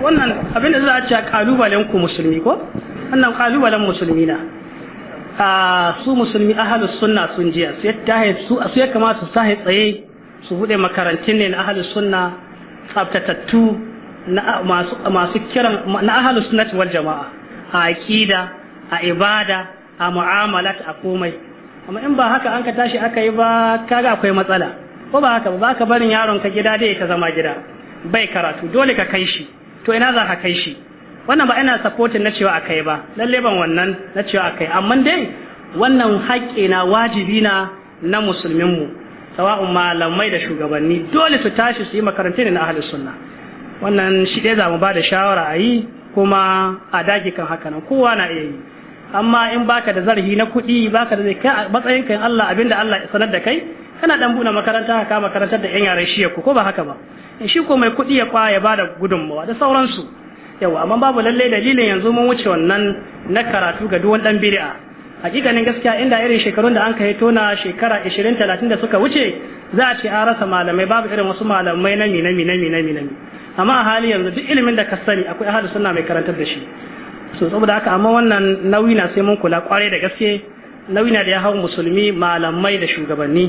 A: wannan abinda za a ce kalubalen ku musulmi ko wannan ƙalubalen musulmi na a su musulmi ahalus sunna sun jiya su ya su su ya kamata su tahi tsaye su bude makarantun ne na ahalus sunna tsaftatattu na masu masu kiran na ahalus sunna wal jama'a a aqida a ibada a mu'amalat a komai amma in ba haka an ka tashi aka yi ba kaga akwai matsala ko ba haka ba ka barin yaron ka gida dai ka zama gida bai karatu dole ka kai shi to ina za ka kai shi wannan ba ina supporting na cewa akai ba lalle ban wannan na cewa akai amma dai wannan haƙƙi na wajibi na na musulmin mu sawa'un malamai da shugabanni dole su tashi su yi makarantun na ahlus sunna wannan shi dai za ba da shawara ayi yi kuma a dage kan haka nan kowa na iya yi amma in baka da zarhi na kuɗi baka da zai kai matsayin kan Allah abinda Allah ya sanar da kai kana dan buɗe makaranta ka makarantar da yan yare shi ko ba haka ba shi ko mai kuɗi ya kwa ya bada gudunmawa da sauransu yau amma babu lalle dalilin yanzu mun wuce wannan na karatu ga duwan dan bid'a hakikanin gaskiya inda irin shekarun da an kai tona shekara 20 30 da suka wuce za a ce an rasa malamai babu irin wasu malamai na mina mina mina mina amma a hali yanzu duk ilimin da ka sani akwai ahadu sunna mai karantar da shi so saboda haka amma wannan nauyi na sai mun kula kwarai da gaske nauyi na da ya hau musulmi malamai da shugabanni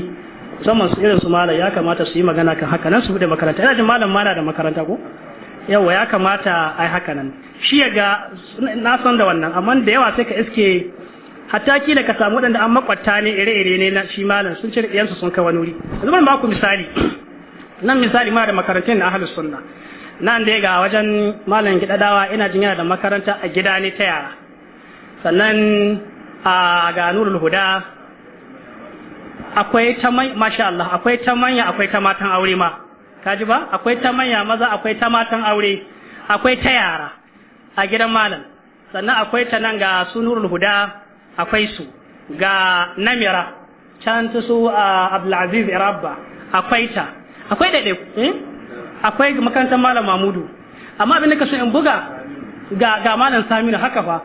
A: musamman su irin su malam ya kamata su yi magana kan haka nan su bude makaranta ina jin malam mana da makaranta ko Yau ya kamata ai haka nan shi ya ga na san da wannan amma da yawa sai ka iske hatta da ka samu waɗanda an makwata ne ire-ire ne na shi malam sun cire iyansu sun kai wani wuri yanzu ban ba ku misali nan misali ma da makarantun na ahlus sunna nan dai ga wajen malam gidadawa ina jin yana da makaranta a gida ne ta yara sannan a ga nurul huda akwai ta masha Allah akwai ta manya akwai ta matan aure ma kaji ba akwai ta manya maza akwai ta matan aure akwai ta yara a gidan malam sannan akwai ta nan ga sunurul huda akwai su ga namira can ta su a abdulaziz irabba akwai ta akwai da eh? akwai makarantar malam mamudu amma abin da ka so in buga ga ga malam saminu haka fa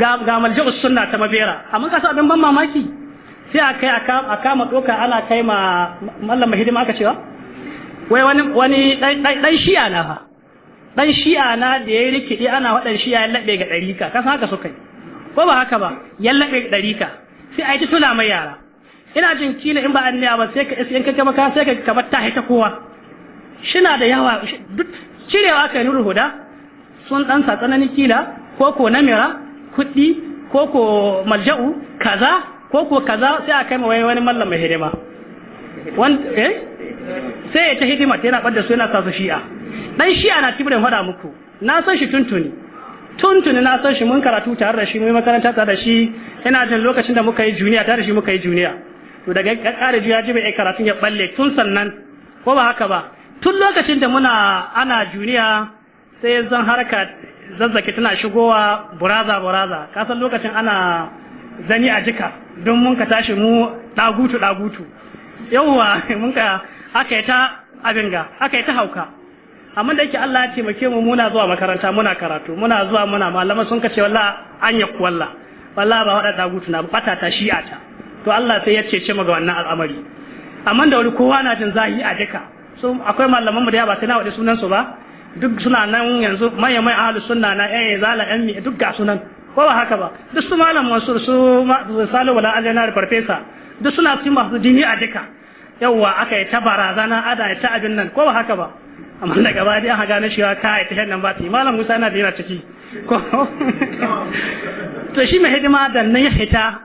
A: ga ga malja'us sunna ta mabera amma ka abin ban mamaki sai a kai a kama doka ana kai ma mallam hidima aka cewa wai wani wani dan shi'a na fa dan shi'a na da yayi rikidi ana wadan shi'a ya labe ga ɗarika kasan haka suka yi ko ba haka ba ya labe ga ɗarika sai a yi tula mai yara ina jin kila in ba an ba sai ka in ka kama ka sai ka kamar ta haita kowa shina da yawa duk cirewa kai nuru huda sun dan sa tsananin kila ko ko namira kuɗi ko ko malja'u kaza ko ko kaza sai a kai wai wani mallam mai hidima wani eh sai ya ta hidima ta yana ɓadda su yana sa su shi'a ɗan shi'a na tibirin faɗa muku na san shi tuntuni tuntuni na san shi mun karatu tare da shi mun makaranta tare da shi yana jin lokacin da muka yi juniya tare da shi muka yi juniya to daga ya ƙara juya ji bai karatun ya balle tun sannan ko ba haka ba tun lokacin da muna ana juniya sai zan harka zazzaki tana shigowa buraza buraza kasan lokacin ana zani a jika don mun ka tashi mu ɗagutu ɗagutu yauwa mun ka aka yi ta abin ga aka yi ta hauka amma da yake Allah ya taimake mu muna zuwa makaranta muna karatu muna zuwa muna malama sun kace walla an ya walla, walla ba wada dagutu na bata ta shi'a ta to Allah sai ya cece mu ga wannan al'amari amma da wani kowa na jin zahi a duka so akwai malaman mu da ya ba sai na wadi sunan su ba duk suna nan yanzu maye mai ahlus sunna na eh zala yan mi e, duk ga sunan ko ba haka ba duk su malaman su su salu wala ajana farfesa duk suna cikin masu jini a duka yawwa aka yi ta barazana ada ya ta abin nan ko ba haka ba amma daga gaba dai aka gane shi ka yi ta nan ba ta malam Musa na da yana ciki ko to shi mai hidima da nan ya hita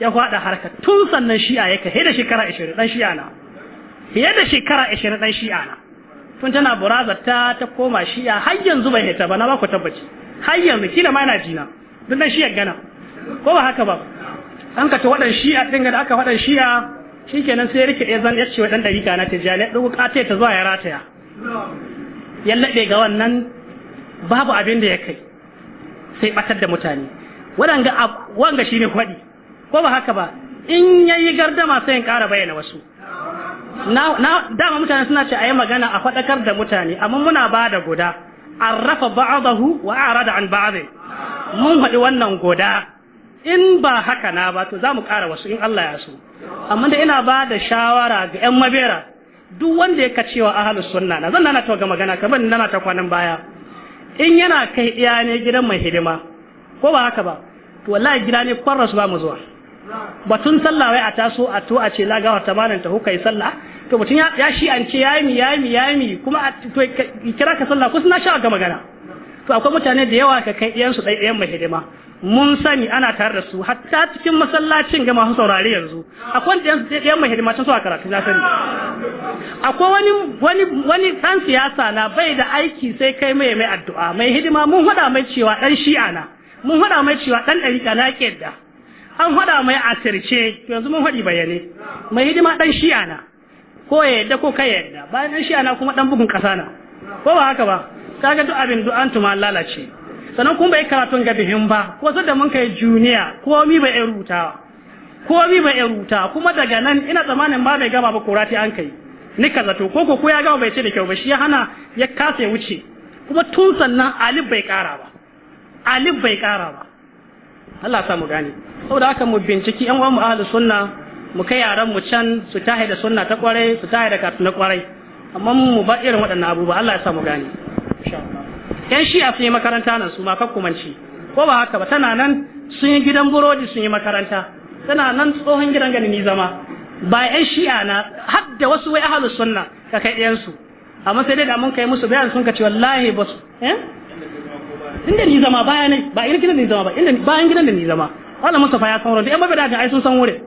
A: ya kwada harka tun sannan shi'a yake hida shekara 20 dan shi'a na fiye da shekara 20 dan shi'a na tun tana burazar ta ta koma shi'a har yanzu bai hita ba na ba ku tabbaci har yanzu kila ma na jina dan shi'a gana ko ba haka ba an ka ta wadan shi'a din da aka wadan shi'a shikenan sai rike ezan ya ce wadan dariƙa kana ta ya dubu kate ta zuwa ya rataya ya ga wannan babu abin da ya kai sai batar da mutane waɗanga wanga shine kwadi ko ba haka ba in yayi gardama sai in ƙara bayyana wasu na dama mutane suna ce a yi magana a faɗakar da mutane amma muna bada da guda arrafa ba'dahu wa arada an ba'd mun haɗi wannan goda in ba haka na ba to za mu ƙara wasu in Allah ya so amma da ina ba da shawara ga 'yan mabera duk wanda ya kacewa ahalus sunna na zan nana ta ga magana kamar nana ta kwanan baya in yana kai ɗaya ne gidan mai hidima ko ba haka ba to wallahi gida ne kwarra su ba mu zuwa batun sallah wai a taso a to a ce lagawa ta wata malam ta hukai sallah to mutun ya shi an ce yayi mi yayi mi yayi mi kuma to kira ka sallah ko suna sha ga magana to akwai mutane da yawa ka kai ɗiyansu ɗaiɗayan mai hidima mun sani ana tare da su hatta cikin masallacin ga masu saurare yanzu akwai ɗiyansu ɗaiɗayan mai hidima can su a karatu na sani akwai wani wani wani ɗan siyasa na bai da aiki sai kai mai mai addu'a mai hidima mun haɗa mai cewa ɗan shi'a na mun haɗa mai cewa ɗan ɗariƙa na ƙedda an haɗa mai asirce yanzu mun haɗi bayane mai hidima ɗan shi'a na ko ya yadda ko kai yadda bayan ɗan shi'a na kuma ɗan bugun ƙasa na ko ba haka ba kaga duk abin duk an tuma lalace sannan kuma bai karatun gabihin ba ko sai da mun kai juniya komi bai rubuta komi bai rubuta kuma daga nan ina tsammanin ba bai gaba ba kurati an kai ni kaza to ko ko ya gaba bai ce da kyau ba shi ya hana ya kasa ya wuce kuma tun sannan alif bai kara ba alif bai kara ba Allah ya mu gane saboda haka mu binciki yan uwan mu ahlus sunna mu kai yaran mu can su tahe da sunna ta kwarai su tahe da kafin na kwarai amma mu ba irin waɗannan abubuwa Allah ya sa mu gane yan shi'a sun yi makaranta nan su ma kakkumanci ko ba haka ba tana nan sun yi gidan burodi sun yi makaranta tana nan tsohon gidan gani zama ba yan shi'a na har da wasu wai ahalus sunna ka kai ɗayan su amma sai dai da mun kai musu bayan sun ka ce wallahi ba su eh inda ni zama baya ne ba irin gidan ni zama ba inda bayan gidan da ni zama wannan Mustafa ya san wurin duk mabada ga ai sun san wurin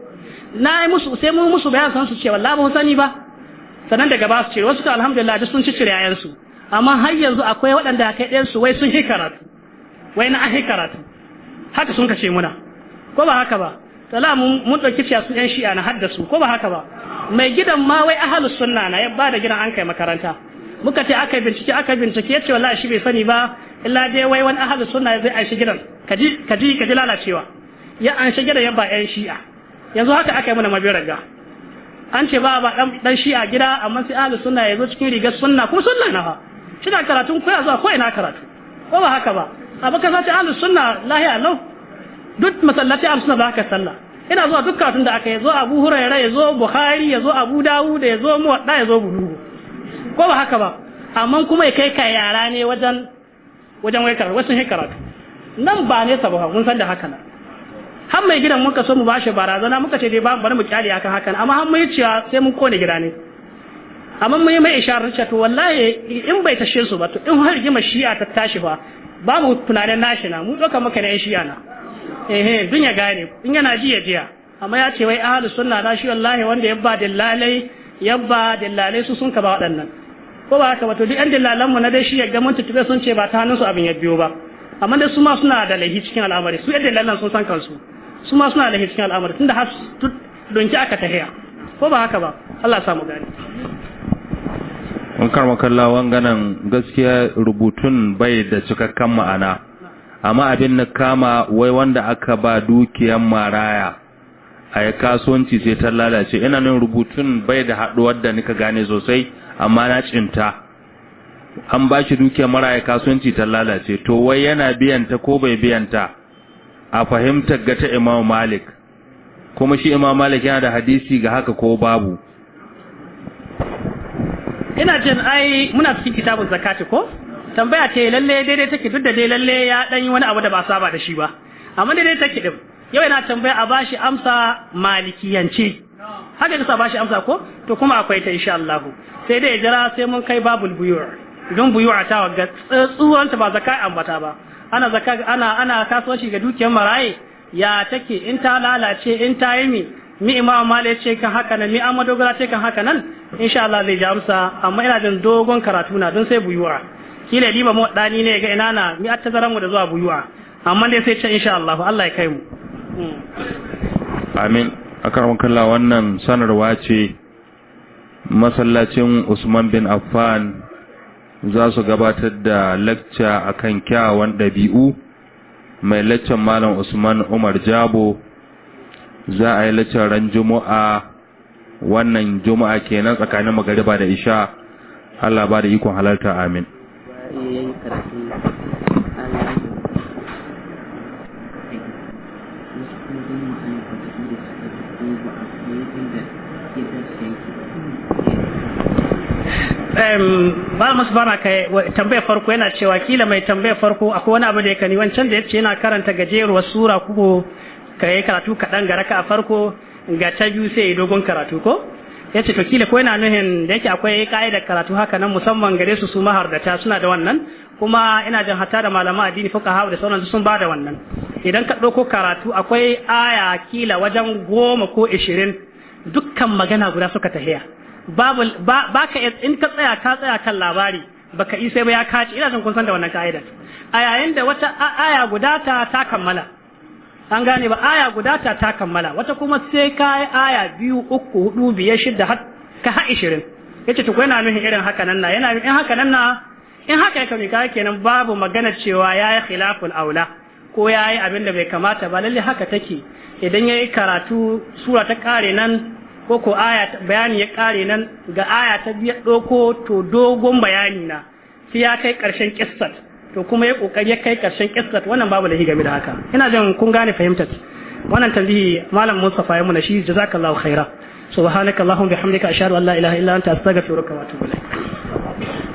A: na yi musu sai mun musu bayan san su ce wallahi ba sani ba sannan daga ba su ce wasu ka alhamdulillah duk sun ci cire su amma har yanzu akwai waɗanda kai ɗayan su wai sun hi karatu wai na ahi karatu haka sun kace muna ko ba haka ba tala mun ɗauki cewa su ƴan shi'a na haddasu ko ba haka ba mai gidan ma wai ahalus sunna na ya bada gidan an kai makaranta muka ce aka bincike aka bincike ya ce wallahi shi bai sani ba illa dai wai wani ahalus sunna zai aishi gidan kaji kaji lalacewa ya an shi gidan ya ba ƴan shi'a yanzu haka aka yi mana mabiraga an ce ba ba dan shi'a gida amma sai ahalus sunna ya zo cikin rigar sunna kuma sunna na fa kina karatun karatu ko ya zuwa ko ina karatu ko ba haka ba abu ka sace ahlus sunna lahi lau duk masallati ahlus sunna ba haka sallah ina zuwa duk karatun da aka yazo Abu Hurairah yazo Bukhari yazo Abu Dawud yazo Muwadda yazo buhuru. ko ba haka ba amma kuma ya kai ka yara ne wajen wajen wai karatu wasu karatu nan ba ne sabu mun san da haka na har mai gidan muka so mu bashi barazana muka ce dai ba mu kyale akan haka amma har mai cewa sai mun kone gida ne amma mun yi mai isharar cewa to wallahi in bai tashe su ba to in har rigima shi'a ta tashi fa babu tunanin nashi na mu doka maka ne shi'a na ehe dun ya gane in yana ji ya jiya amma ya ce wai ahlus sunna na shi wallahi wanda yabba dillalai yabba dillalai su sun ka ba waɗannan ko ba haka ba to duk an dillalan mu na dai shi ya ga mun tutuɓe sun ce ba ta hannun su abin ya biyo ba amma dai su ma suna da laifi cikin al'amari su yan dillalan sun san kansu su ma suna da lahi cikin al'amari tunda har dunki aka tahiya ko ba haka ba Allah ya samu gani
D: in karma kallawan ganin gaskiya rubutun bai da cikakken ma'ana amma abin na kama wai wanda aka ba dukiyan maraya a ya kasuwanci sai ta lalace ina nan rubutun bai da haɗuwar da nika gane sosai amma na cinta an ba shi dukiyar maraya kasuwanci ta lalace to wai yana biyanta ko bai biyanta a fahimtar ga ta imam malik kuma shi imam malik yana da hadisi ga haka ko babu
A: ina jin ai muna cikin kitabun zakati ko tambaya ce lalle daidai take duk da dai lalle ya dan yi wani abu da ba saba da shi ba amma daidai take din yau yana tambaya a bashi amsa malikiyance haka kasa bashi amsa ko to kuma akwai ta insha Allah sai dai jira sai mun kai babul buyur don buyura ta ga ta ba zakai ambata ba ana zaka ana ana kasuwanci ga dukiyar maraye ya take in ta lalace in ta yi mi imam malik ce kan haka nan mi amma dogara ce kan haka nan insha Allah zai ja amsa amma ina jin dogon karatu na don sai buyuwa kila liba mu dani ne ga ina na mi attazaran mu da zuwa buyuwa amma dai sai ce insha Allah Allah ya kai mu
D: amin akarwan kallah wannan sanarwa ce masallacin Usman bin Affan za su gabatar da lacca akan kyawawan dabi'u mai laccan malam Usman Umar Jabo za a yi laccen juma'a wannan juma'a kenan tsakanin magariba da isha Allah ba da ikon halarta amin
A: ba musu bara kai tambayar farko yana cewa kila mai tambayar farko akwai wani abu da ya kani wancan da ya ce yana karanta gajeruwar sura kuku ka yi karatu kaɗan ga raka a farko ga ta biyu sai dogon karatu ko ya ce to kila ko yana nuhin da yake akwai ka'idar karatu haka nan musamman gare su su ta suna da wannan kuma ina jin hatta da malama addini fuka hau da sauran sun ba da wannan idan ka ɗauko karatu akwai aya kila wajen goma ko ishirin dukkan magana guda suka tahiya babu ba ka in ka tsaya ka tsaya kan labari baka isa ba ya kaci ina jin kun san da wannan ka'idar a yayin da wata aya guda ta ta kammala an gane ba aya guda ta ta kammala wata kuma sai ka yi aya biyu uku hudu biyar shida ka ha ishirin ya ce tukwai yana nuhin irin haka nan na yana in haka nan na in haka ya yake nan babu magana cewa ya yi khilafun aula ko ya yi abin da bai kamata ba lalle haka take idan ya yi karatu sura ta kare nan ko ko aya bayani ya kare nan ga aya ta biyar ɗauko to dogon bayani na sai ya kai ƙarshen kissar to kuma ya kokari ya kai karshen kissat wannan babu lahi game da haka ina jin kun gane fahimtar wannan tambihi malam Mustafa ya muna shi jazakallahu khaira subhanakallahumma bihamdika ashhadu an la ilaha illa anta astaghfiruka wa atubu
C: ilaik